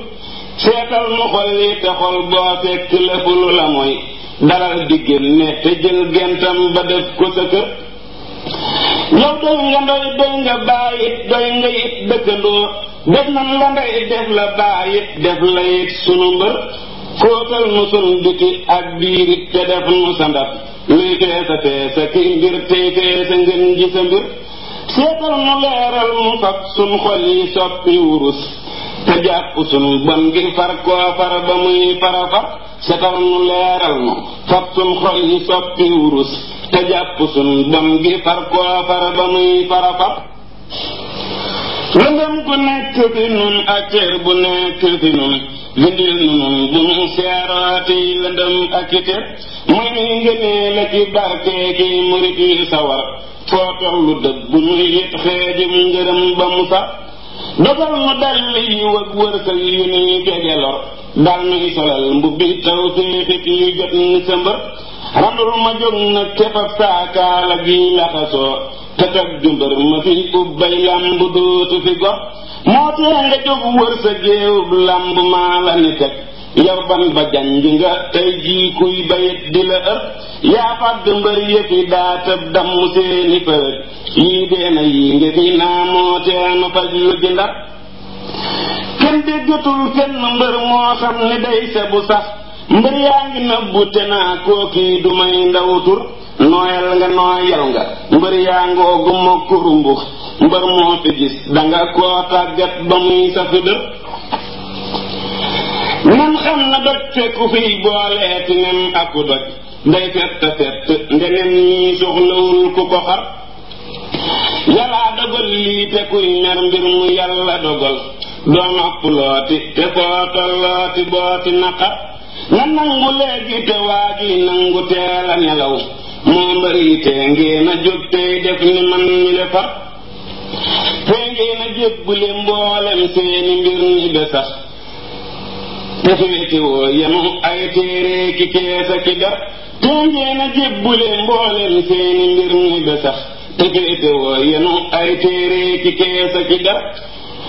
seetal nu xol yi te xol boo fekk lëfulu la mooy dalal di génne te jël gentam ba def ko sa kër yow doy nga ndoy doy nga baayit doy nga it dëkkandoo def nan la ndoy def la baayit def la it sunu mbër xóotal nu sun dikki ak biirit te def nu sa ndab luy feesa feesa kiy mbir tey feesa ngeen sa mbir seetal nu leeral mu fab sun xol yi soppi wurus te jàpp sun bon ngir far koo far ba muy farafar seetal nu leeral mu fab sun xol yi soppi wurus te jàpp sun bon ngir far koo far ba muy farafar lëndëm bu nekk fi nun a cër bu nekk fi nun lindil nun bu ñu seeraati lëndëm ak i tër muy ngënee la ci barke gi murit yi sawar foo tollu dëgg bu muy yit xeejum ngërëm ba mu sax dogal mu dal yi wëg wërsëg yu nuy fege lor dal nuy solal mbubbi taw féexit jot ni sa mbër randul ma jóg na képp saakaala gi laxasoo te dog mbër ma fi ubbay lamb dootu fi gox moo tee nga jóg wër sa géew lamb maa la ni teg yow ba janj nga tey jii kuy bayit di la ëpp yaa fàgg mbër yëfi daa tëb damm seeni përëg yii deena yii ngi fi naa moo tee nu faj lu ji ndar kenn déggatul kenn mbër moo xam ni day sebu sax mbër yaa ngi nëbbu te naa kooki du may nooyal nga nooyal nga mbër yaa ngoogu ma kurumbu mbër moo fi gis danga koo tàggat ba muy sa fëdër nan xam na doj fekku fiy booleeti nem aku doj day fett fett ndeneen ñii soxlawul ku ko xar yàlla dogal lii te kuy mer mbir mu yàlla dogal doo nopp looti te foo tollooti booti naqar na nangu léegi te waajuy nangu teel nelaw moo mbëri te ngeen a jóg tey def ni man mi le far te ngeen a mboolem seeni mbir ni be sax te féetewoo yemu ay téere ki kees ki dar te ngeen a mboolem seeni mbir ni be sax te féetewoo yemu ay téere ki kees ki dar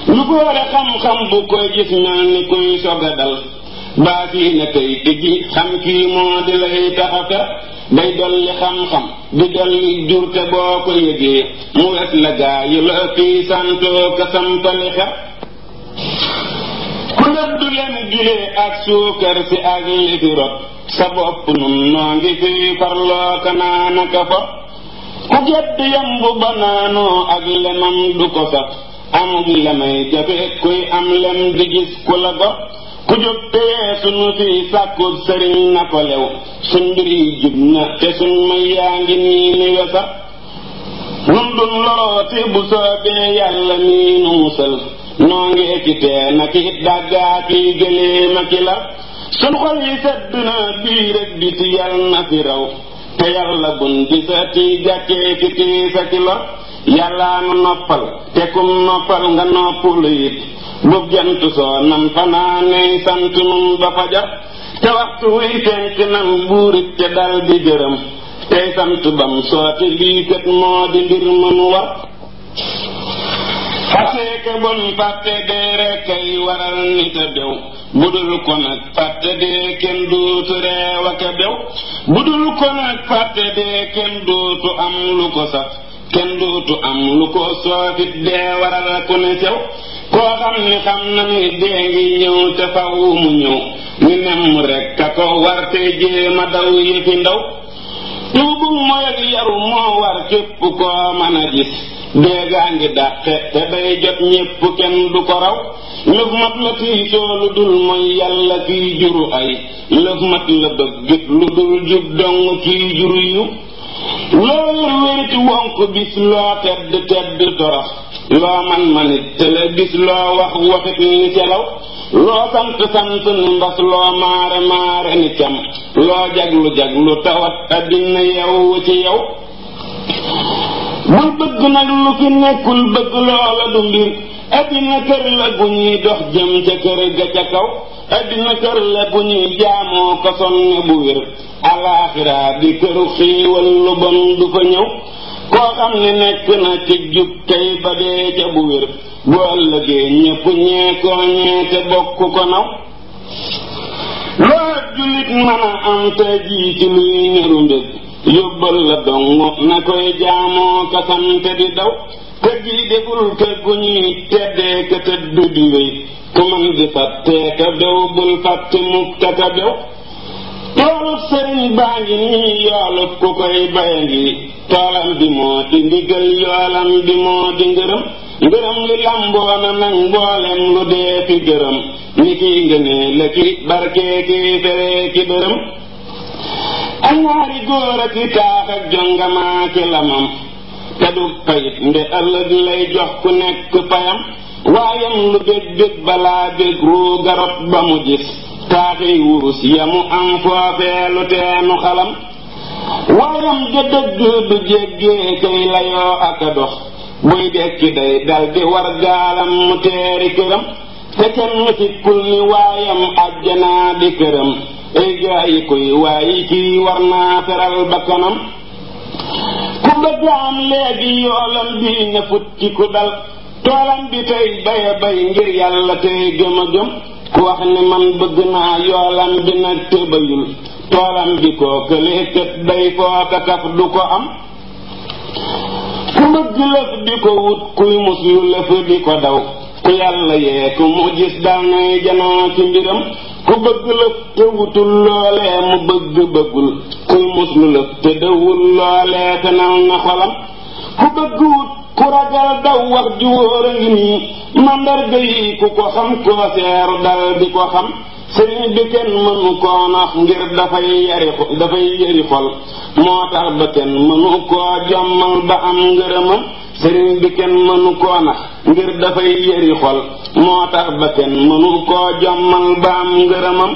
lu boole xam-xam bu koy gis mel ni kuy soga dal baa fii na xam kii moo di lay day dolli xam-xam di dolli jurte boo ko yëgee mu wet la gaa la ak suukar si ak li fi rot sa bopp nun noo ngi fii farloo ka naanaka ku gedd yamb banaanoo ak lemam du ko sax amul lemay jafe kuy am lem di gis ku la ko ku jóg tee sunu fi sàkku sëriñ na ko lew suñ mbir yi jub na te suñ may yaa ngi nii ni wesa nun dun lorooti bu soobee yàlla mii nu musal noo ngi ekitee na ki dàggaa kiy gëlee ma ki la suñ xol yi sedd na bii rek bi ci yàlla na fi raw te yàlla bun di sa ti gàccee ki tiisa ki la yàllaa nu noppal te kum noppal nga noppulu it bu jant soo nam fanaaney sant nun ba fajar te waxtu wuy fenk nam buurit te dal di gërëm tey sant bam soote lii kat moo di mbir mënu war faseeka bon fàtte dee rekkay waral nit a dew bu dul ko nag dee kenn dootu reew ak a bew bu dul ko nag dee kenn dootu am lu ko sax kenn dootu am lu ko soofit dee waral ku ne sew koo xam ni xam na ni dee ngi ñëw te faw mu ñëw ni nemm rek ka ko war te jéema daw yëfi ndaw tuubu mooy ak yaru moo war képp koo mën a gis dee ngi dàqe te day jot ñépp kenn du ko raw lëf mat la tiisoo lu dul mooy yàlla kiy juru ay lëf mat la bëggit lu dul jub dong kiy juru yu loolu wériti wonk bis loo tedd tedd torox loo man manit te la bis loo wax waxit ni selaw loo sant sant ni mbas loo maare maare ni cam loo jaglu jaglu tawat addina yewu ci yow bul bëgg nag lu fi nekkul bëgg loola du mbir addina kër la gu ñuy dox jëm ca kër ga ca kaw addina kër la gu ñuy jaamoo ko sonne bu wér alaaxira di këru xiiwal lu bon du fa ñëw koo xam ne nekk na ci jub tey ba dee ca bu wér bu ëllëgee ñépp ñee koo ñee te bokk ko naw loo jullit mën a am te luy ñëru mbég yóbbal la dong na koy jaamoo kasam te di daw kër gi deful kër gu ñuy teddee ka tëddu di wéy ku man di ka dew bul fàtte mukk ka ka dew sëriñ baa ngi nii yoolub ku koy bay ngi toolam bi moo di ndigal yoolam bi moo di ngërëm ngërëm li làmboona nag mboolem lu dee fi gërëm ni kiy ngënee la ki barkee ki feree ki dërëm ay ñaari góor ak i taax ak jongamaa ci lamam te nde ëllëg lay jox ku nekk payam waayam lu bég bég balaa bég ruu garab ba mu gis taaxi wurus ya mu am foofee lu teenu xalam waayam ja dëgg du jéggee kay layoo ak a dox buy dekki day dal war gaalam mu teeri këram te kenn ci kulli waayam àjjanaa di këram ay jaayi koy waaye kii war naa feral bakkanam ku bëgg am léegi yoolam bi na ci ku dal toolam bi tey baya bay ngir yàlla tey gëm gëm ku wax ni man bëgg naa yoolam bi nag te toolam bi koo këleekat day fooka kaf du ko am ku bëgg lëf di ko wut kuy mus yu lëf di ko daw ku yàlla mu gis dal nay janoo ci mbiram ku bëgg lëf te wutul loolee mu bëgg bëggul kuy muslu lëf te dawul loolee te nal na xolam ku bëgg wut ku ragal daw wax ju wóor a ngi nii mandarga yi ku ko xam koo seeru dal di ko xam sëriñ bi kenn mënu koo nax ngir dafay yari xol moo tax ba kenn mënu koo jommal ba am ngërëmam sëriñ bi kenn mënu koo nax ngir dafay yari xol moo tax ba kenn mënu koo jommal ba am ngërëmam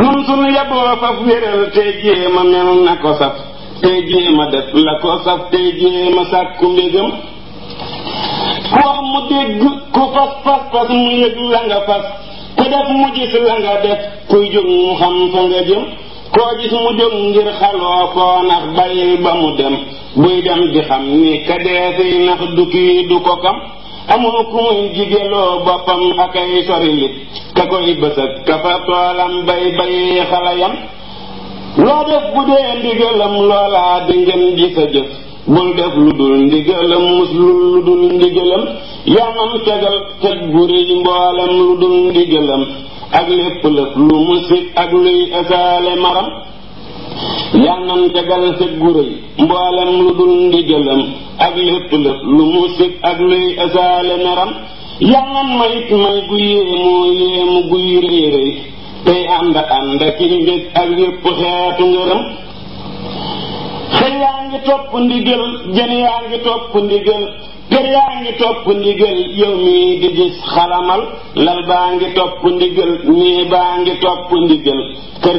nun sunu yaboo faf wéral te jéema mel na ko saf te jéema def la ko saf te jéema sàkku mbégam ku wax mu dégg ku fas fas mu yëg la nga fas ku def mu gis la nga def kuy jóg mu xam fa nga jëm koo gis mu jóg ngir xaloo koo nax bàyyil ba mu dem buy dem di xam ni ka nax du kii du ko kam amul ku muy jigeloo boppam ak ay sori ka koy bësëg ka fa toolam bay bay xalayam loo def bu dee ndigalam loolaa di ngeen gis a jëf bul def lu dul ndigalam muslu lu dul ndigalam yaa man tegal gu rëy mboolam lu dul ndigalam ak lépp lu musik ak luy asaale maram yaa man tegal gu rëy mboolam lu dul ndigalam ak lépp lu musik ak luy asaale maram yaa man mayit may gu yéemoo yéemu guy rëy rëy tey ànd ànd ki mbég ak yépp xeetu ngërëm xëy yaa ngi topp ndigal jën yaa ngi topp ndigal kër yaa ngi topp ndigal yow mii di gis xalamal lal baa ngi topp ndigal mii baa ngi topp ndigal kër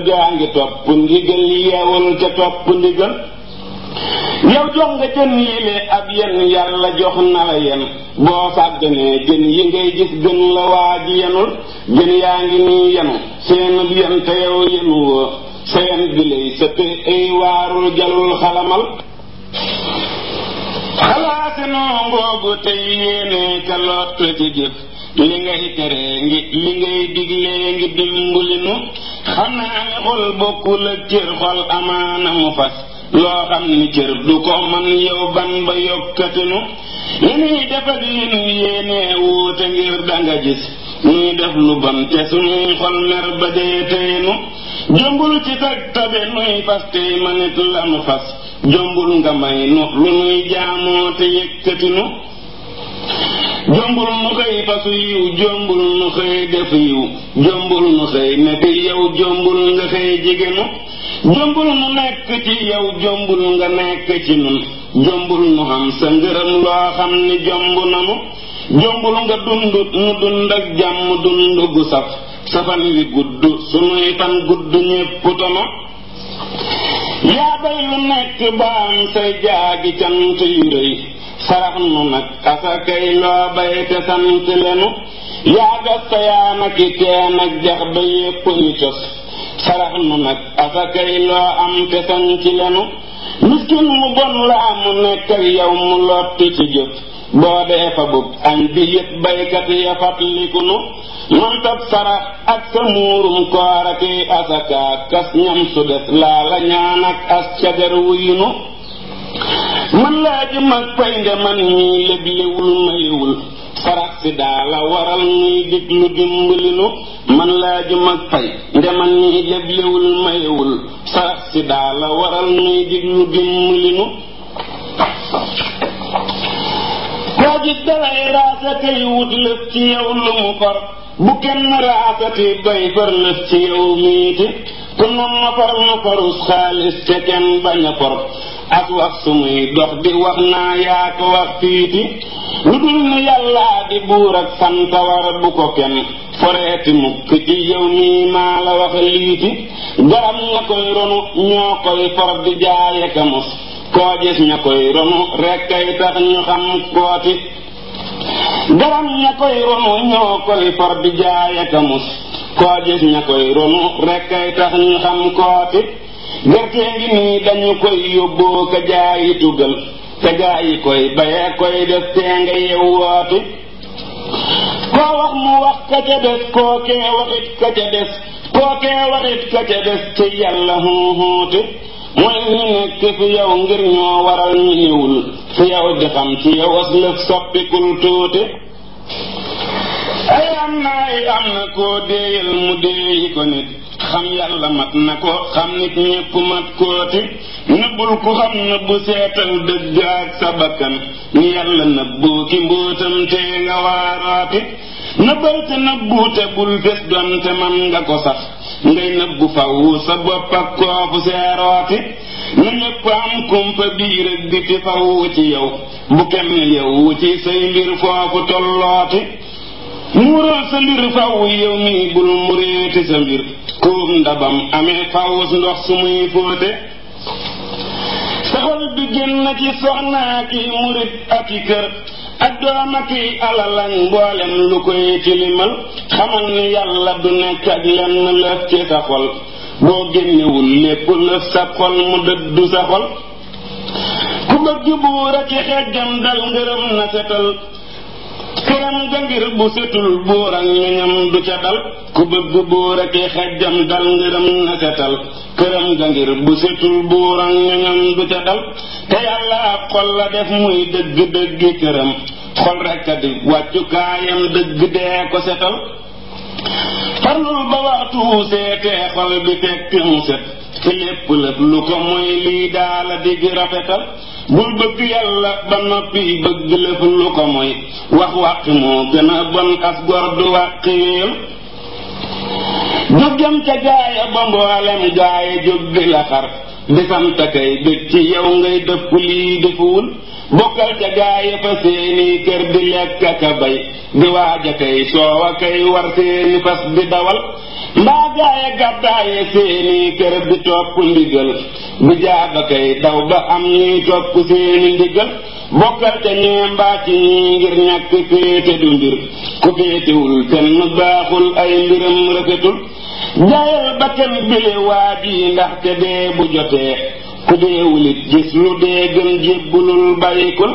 jox nga jën yi le ab yen yàlla jox na la yen boo sàgganee jën yi ngay gis gën la waa ji yenul jën yaa ngi nii yenu seenub yen te yow yenu woo sayan bilay sa te ay waarul jalul xalamal xalaate ngoogu tey yéene ka lott ci jëf li ngay tere ngi li ngay diglee ngi dimbulinu xam ne ame xol bokkul ak cër xol amaana mu fas loo xam ni cër du ko man yow ban ba yokkatinu li nuy defak li nu yéene wuute ngir danga gis ñuy def lu bon te suñuy xol mer ba dee teynu jombul ci sag tabe nuy fas tey manit lanu fas jombul nga may nu lu nuy jaamoo te yëkkatinu jombul nu xëy fasu yiw jombul nu xëy def yiw jombul nu xëy nekk yow jombul nga xëy jigéenu jombul nu xam sa ngërëm loo xam ni jomb nanu jombul nga dund nu dund ak jàmm dund gu saf safan wi gudd sunuy tan gudd ñépp tama yaa bay lu nekk baam say jaagi cant yu rëy sarax nu nag asakay loo bay te sant lenu yaa gas sa ki teen ak jax ba yépp ñu cos sarax nu nag asakay loo am te sant lenu miskin mu bon la amu nekk ak yow mu lotti ci jëf boo fa bugg añ bi yëpp baykat ya fàttaliku nu man tab sara ak sa muurum koor ak asaka kas ñam su des laa la ñaan ak as cagar wuyu nu man laa ji mag fay nga man ñii léblewul maywul sarax si daa la waral ñuy diglu dimbali nu man laa ji mag fay nga man ñii léblewul maywul sarax si daa la waral ñuy diglu dimbali nu koo gis dalay raasate wut lëf ci yow lu mu far bu kenn raasate bay far lëf ci yow miiti ku nam ma far ma farus xaalis te kenn bañ a for ak wax su dox di wax naa yaa ko wax fiiti lu dul nu yàllaa di buur ak war bu ko kenn foreeti mukk ci yow mii maa la wax liiti garam nga koy ronu ñoo koy far di jaaye ka mos koo gis ña koy ronu rek kay tax ñu xam kooti garam ña koy ronu ñoo koy for di koo gis ña koy ronu rek kay tax ñu xam kooti gerte ngi nii dañu koy yóbboo ka jaayi tugal te gaa yi koy baye koy def teenga yewwooti koo wax mu wax ka ca des koo kee waxit ka ca des ci yàlla huuhuuti mooy ñi nekk fi yow ngir ñoo waral ñu ñëwul fi yow di xam ci yow aslëf soppikul tuuti ay am naa yi am na koo déeyal mu déeyi ko nit xam yàlla mat na ko xam nit ñépp mat kooti nëbbul ku xam nëbb seetal dëgg ak ni yàlla nëbbu ki mbóotam tee nga waaraati nëbbal te nëbbu te bul fes doon te man nga ko sax ngay nëbbu faw sa bopp koofu seerooti na ñëpp am kumpa biir ak biti faw ci yow bu kenn yow ci say mbir foofu tollooti muural sa mbir faw yow mi bul muréeti sa mbir kóob ndabam amee faw ndox su muy fóote saxol bi génn ci soxnaa murit ak i kër ak doomati alalan mboolem lu koy tilimal xamal ni yàlla du nekk ak lenn lëf ci sa xol boo génnewul lépp lëf sa xol mu dëddu sa xol ku bëgg buur ak xeggam dal ngërëm na setal këram ga ngir bu setul buur ak ñoñam du ca dal ku bëgg buur ak i xajjam dal ngërëm na ca këram ga ngir bu setul buur ak ñoñam du ca dal te yàlla ab xol la def muy dëgg dëggi këram xol rekk a di wàccukaayam dëgg dee ko setal farlul ba waxtu seetee xol bi teg pinset ci lépp lépp lu ko mooy lii daala dig rafetal bul bëgg yàlla ba noppi bëgg lépp lu ko mooy wax wàqi moo gën a bon as gor du wàqiil jógam ca gaaya ba mboolem gaaya jóg la xar di sant kay bég ci yow ngay def ku lii defuwul bokkal ca gaaya fa seeni kër di lekk a bay di waaja kay soowa kay war seeni fas di dawal mbaa gaaya gàddaaye seeni kër di topp ndigal bu jaaba kay daw ba am ñuy topp seeni ndigal bokkal ca ñee mbaa ci ñii ngir ñàkk féete du mbir ku féetewul kenn baaxul ay mbiram rafetul jaayal bakkan bile waa ji ndaxte dee bu jotee ku deewulit gis lu dee gën jébbulul bàyyikul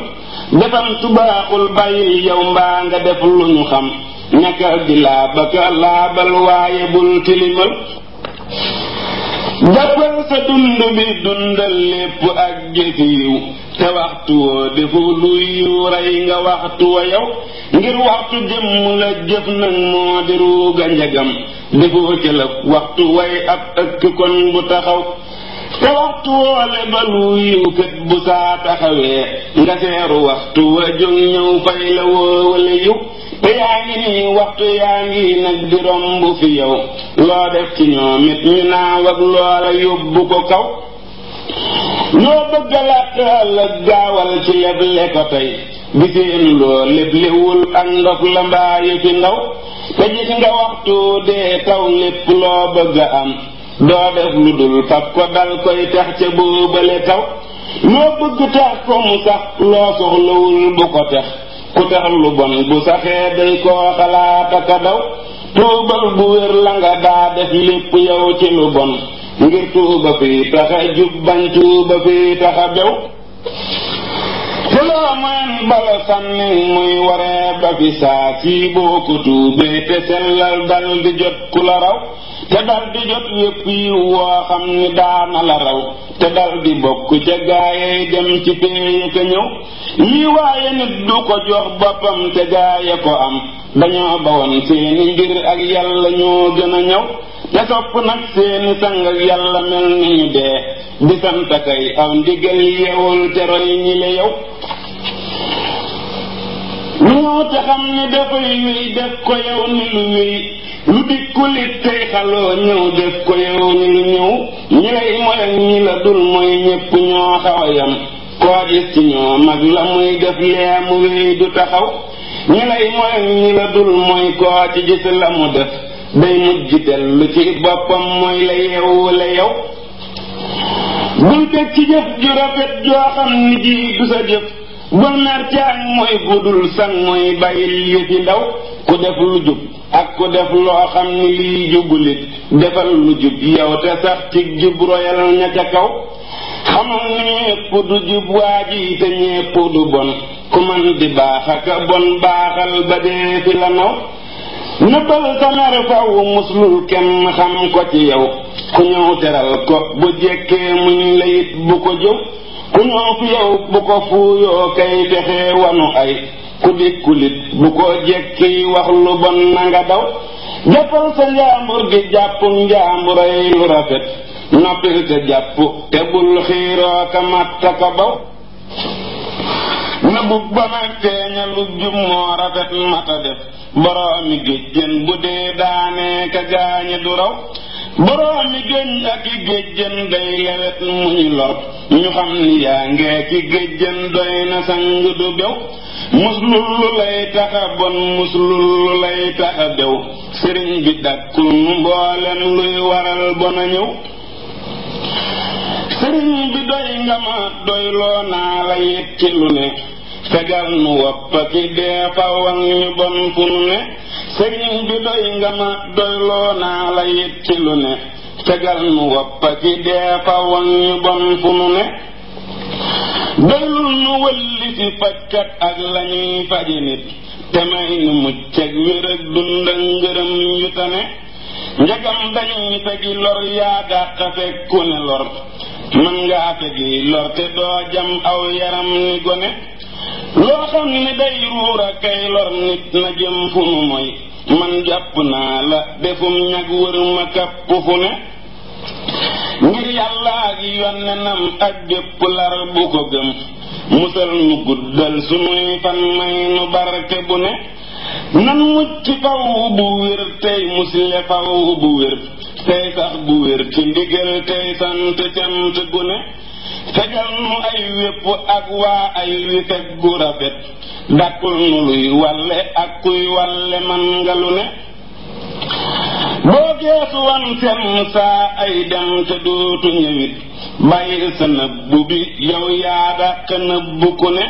defam tubaaxul bàyyil yow mbaa nga def lu ñu xam ñàkk di laabaka laabal waaye bul tilimal jàppal sa dund bi dundal lépp ak jëf te waxtu woo defu lu rey nga waxtu wa yow ngir waxtu jëmm la jëf nag moo di ruuga njagam defoo ci waxtu way ab ëkk kon bu taxaw te waxtu woole ba lu kët bu saa taxawee nga seeru waxtu wa jóg ñëw fay la woowale yiw te yaa ngi nii waxtu yaa ngi nag di romb fi yow loo def ci ñoom it ñu ak loola yóbbu ko kaw loo bëgg laajteel la gaawal ci yeble ko tey giseen loo lépp liwul ak ndox la mbaa ci ndaw te gis nga waxtu dee taw lépp loo bëgg a am doo def lu dul fab ko dal koy tax ca boobale taw loo bëgg tax ko mu sax loo soxlawul bu ko tax. ku tax lu bon bu saxee day koo xalaata ka daw tuubal bu wér la nga daa def lépp yow ci lu bon ngir tuuba fii taxa jub bañ tuuba fii taxa bew tuloomaan bala sànni muy waree ba fi saa si boo ko tuubee te sellal dal di jot ku la raw te dal di jot yépp yi woo xam ni daana la raw te dal bokk ca gaayay dem ci péeye ñëw lii waaye nit du ko jox boppam te gaaya ko am dañoo bawoon seeni ngir ak yàlla ñoo gën a ñëw ca topp nag seeni sang yàlla mel ni ñu dee di sant aw ndigal yeewul te roy ñi yow ñoo te xam ni dafay yuy def ko yow ni lu yuy lu dikkulit tey xaloo ñëw def ko yow ni lu ñëw ñi lay ñi la dul mooy ñépp ñoo xaw a yam koo gis ci ñoo mag la muy def leemu wéy du taxaw ñi lay ñi la dul mooy koo ci gis la mu def day mujj dellu ci boppam mooy la yeewu la yow bul teg ci jëf ju rafet joo xam ni ji du sa jëf bul mer ci ak mooy budul sang mooy bàyyil yëfi ndaw ku def lu jub ak ku def loo xam ni lii jubulit defal lu jub yow te sax ci jub royal ña ca kaw xamal ni ñépp du jub waa ji te ñépp du bon ku man di baax ak bon baaxal ba dee fi la naw nëbbal sa mer faw muslul kenn xam ko ci yow ku ñëw teral ko bu jekkee muñ layit bu ko jëw ku ñëw fi yow bu ko fuuyoo kay fexee wanu ay ku dikkulit bu ko jekki wax lu bon na nga daw jàppal sa njaambur gi jàpp njaamburay lu rafet noppil te jàpp te bul xiiroo ka matt ka baw na bug ba mag feeñalug jub moo rafet mata def boroomi géej jën bu dee daanee ka gaañe du raw boroomi géej ak i géej jën day lewet mu ñu lor ñu xam ni yaa ngee ci géej jën doy na sang du bew muslul lu lay taxa bon muslul lu lay taxa bew sëriñ bi dàkkul mboolem luy waral bona ñëw sëriñ bi doy nga ma doy naa la yit ne fegal nu woppaki dee fawan ñu bon fu nu ne sëriñ bi doy nga ma doy naa la yit ne fegal nu woppaki dee fawan ñu bon fu nu ne doylul nu wëlli fajkat ak lañuy faji nit te may nu mucc wér ak dund ak ngërëm yu tane njagam dañuy fegi lor yaa dàq fekku ne lor man ngaa fegi lor te doo jam aw yaram ni gone loo xam ni day ruur a kay lor nit na jëm fu nu moy man jàpp naa la defum ñag wër ma kapp fu ne ngir yàlla ak yonnenam ak bépp lar bu ko gëm musal nu guddal sunuy fan may nu barke bu ne nan mucc faw bu wér tey musle faw bu wér tey sax bu wér ci ndigal tey sant cant gu ne fegal nu ay wépp ak waa ay wifeg gu rafet dàqul nu luy walle ak kuy walle man ne boo geesu wan sem saa ay dem te dootu ñëwit bàyyi sa nëbbu bi yow yaa dàq nëbbu ku ne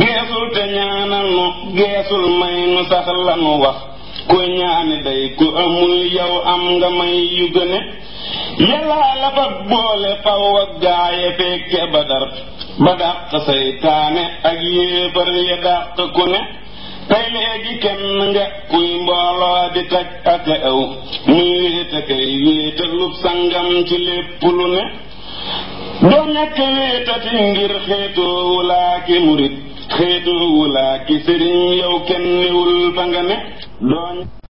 geesul te ñaanal nu geesul may nu sax lanu wax ku ñaane day ku amul yow am nga may yu gëne yàlla la fa boole xaw ak gaaye fekke badar ba dàq seytaane ak yéefar ya dàq ku ne tey léegi kenn nga kuy mbooloo di taj ak aw muy wéet akay wéetalub sangam ci lépp lu ne doo nekk wéetati ngir xeetoowu laa ki murit xeetu wulaa ki sëriñ yow kenn niwul ba nga ne dooñ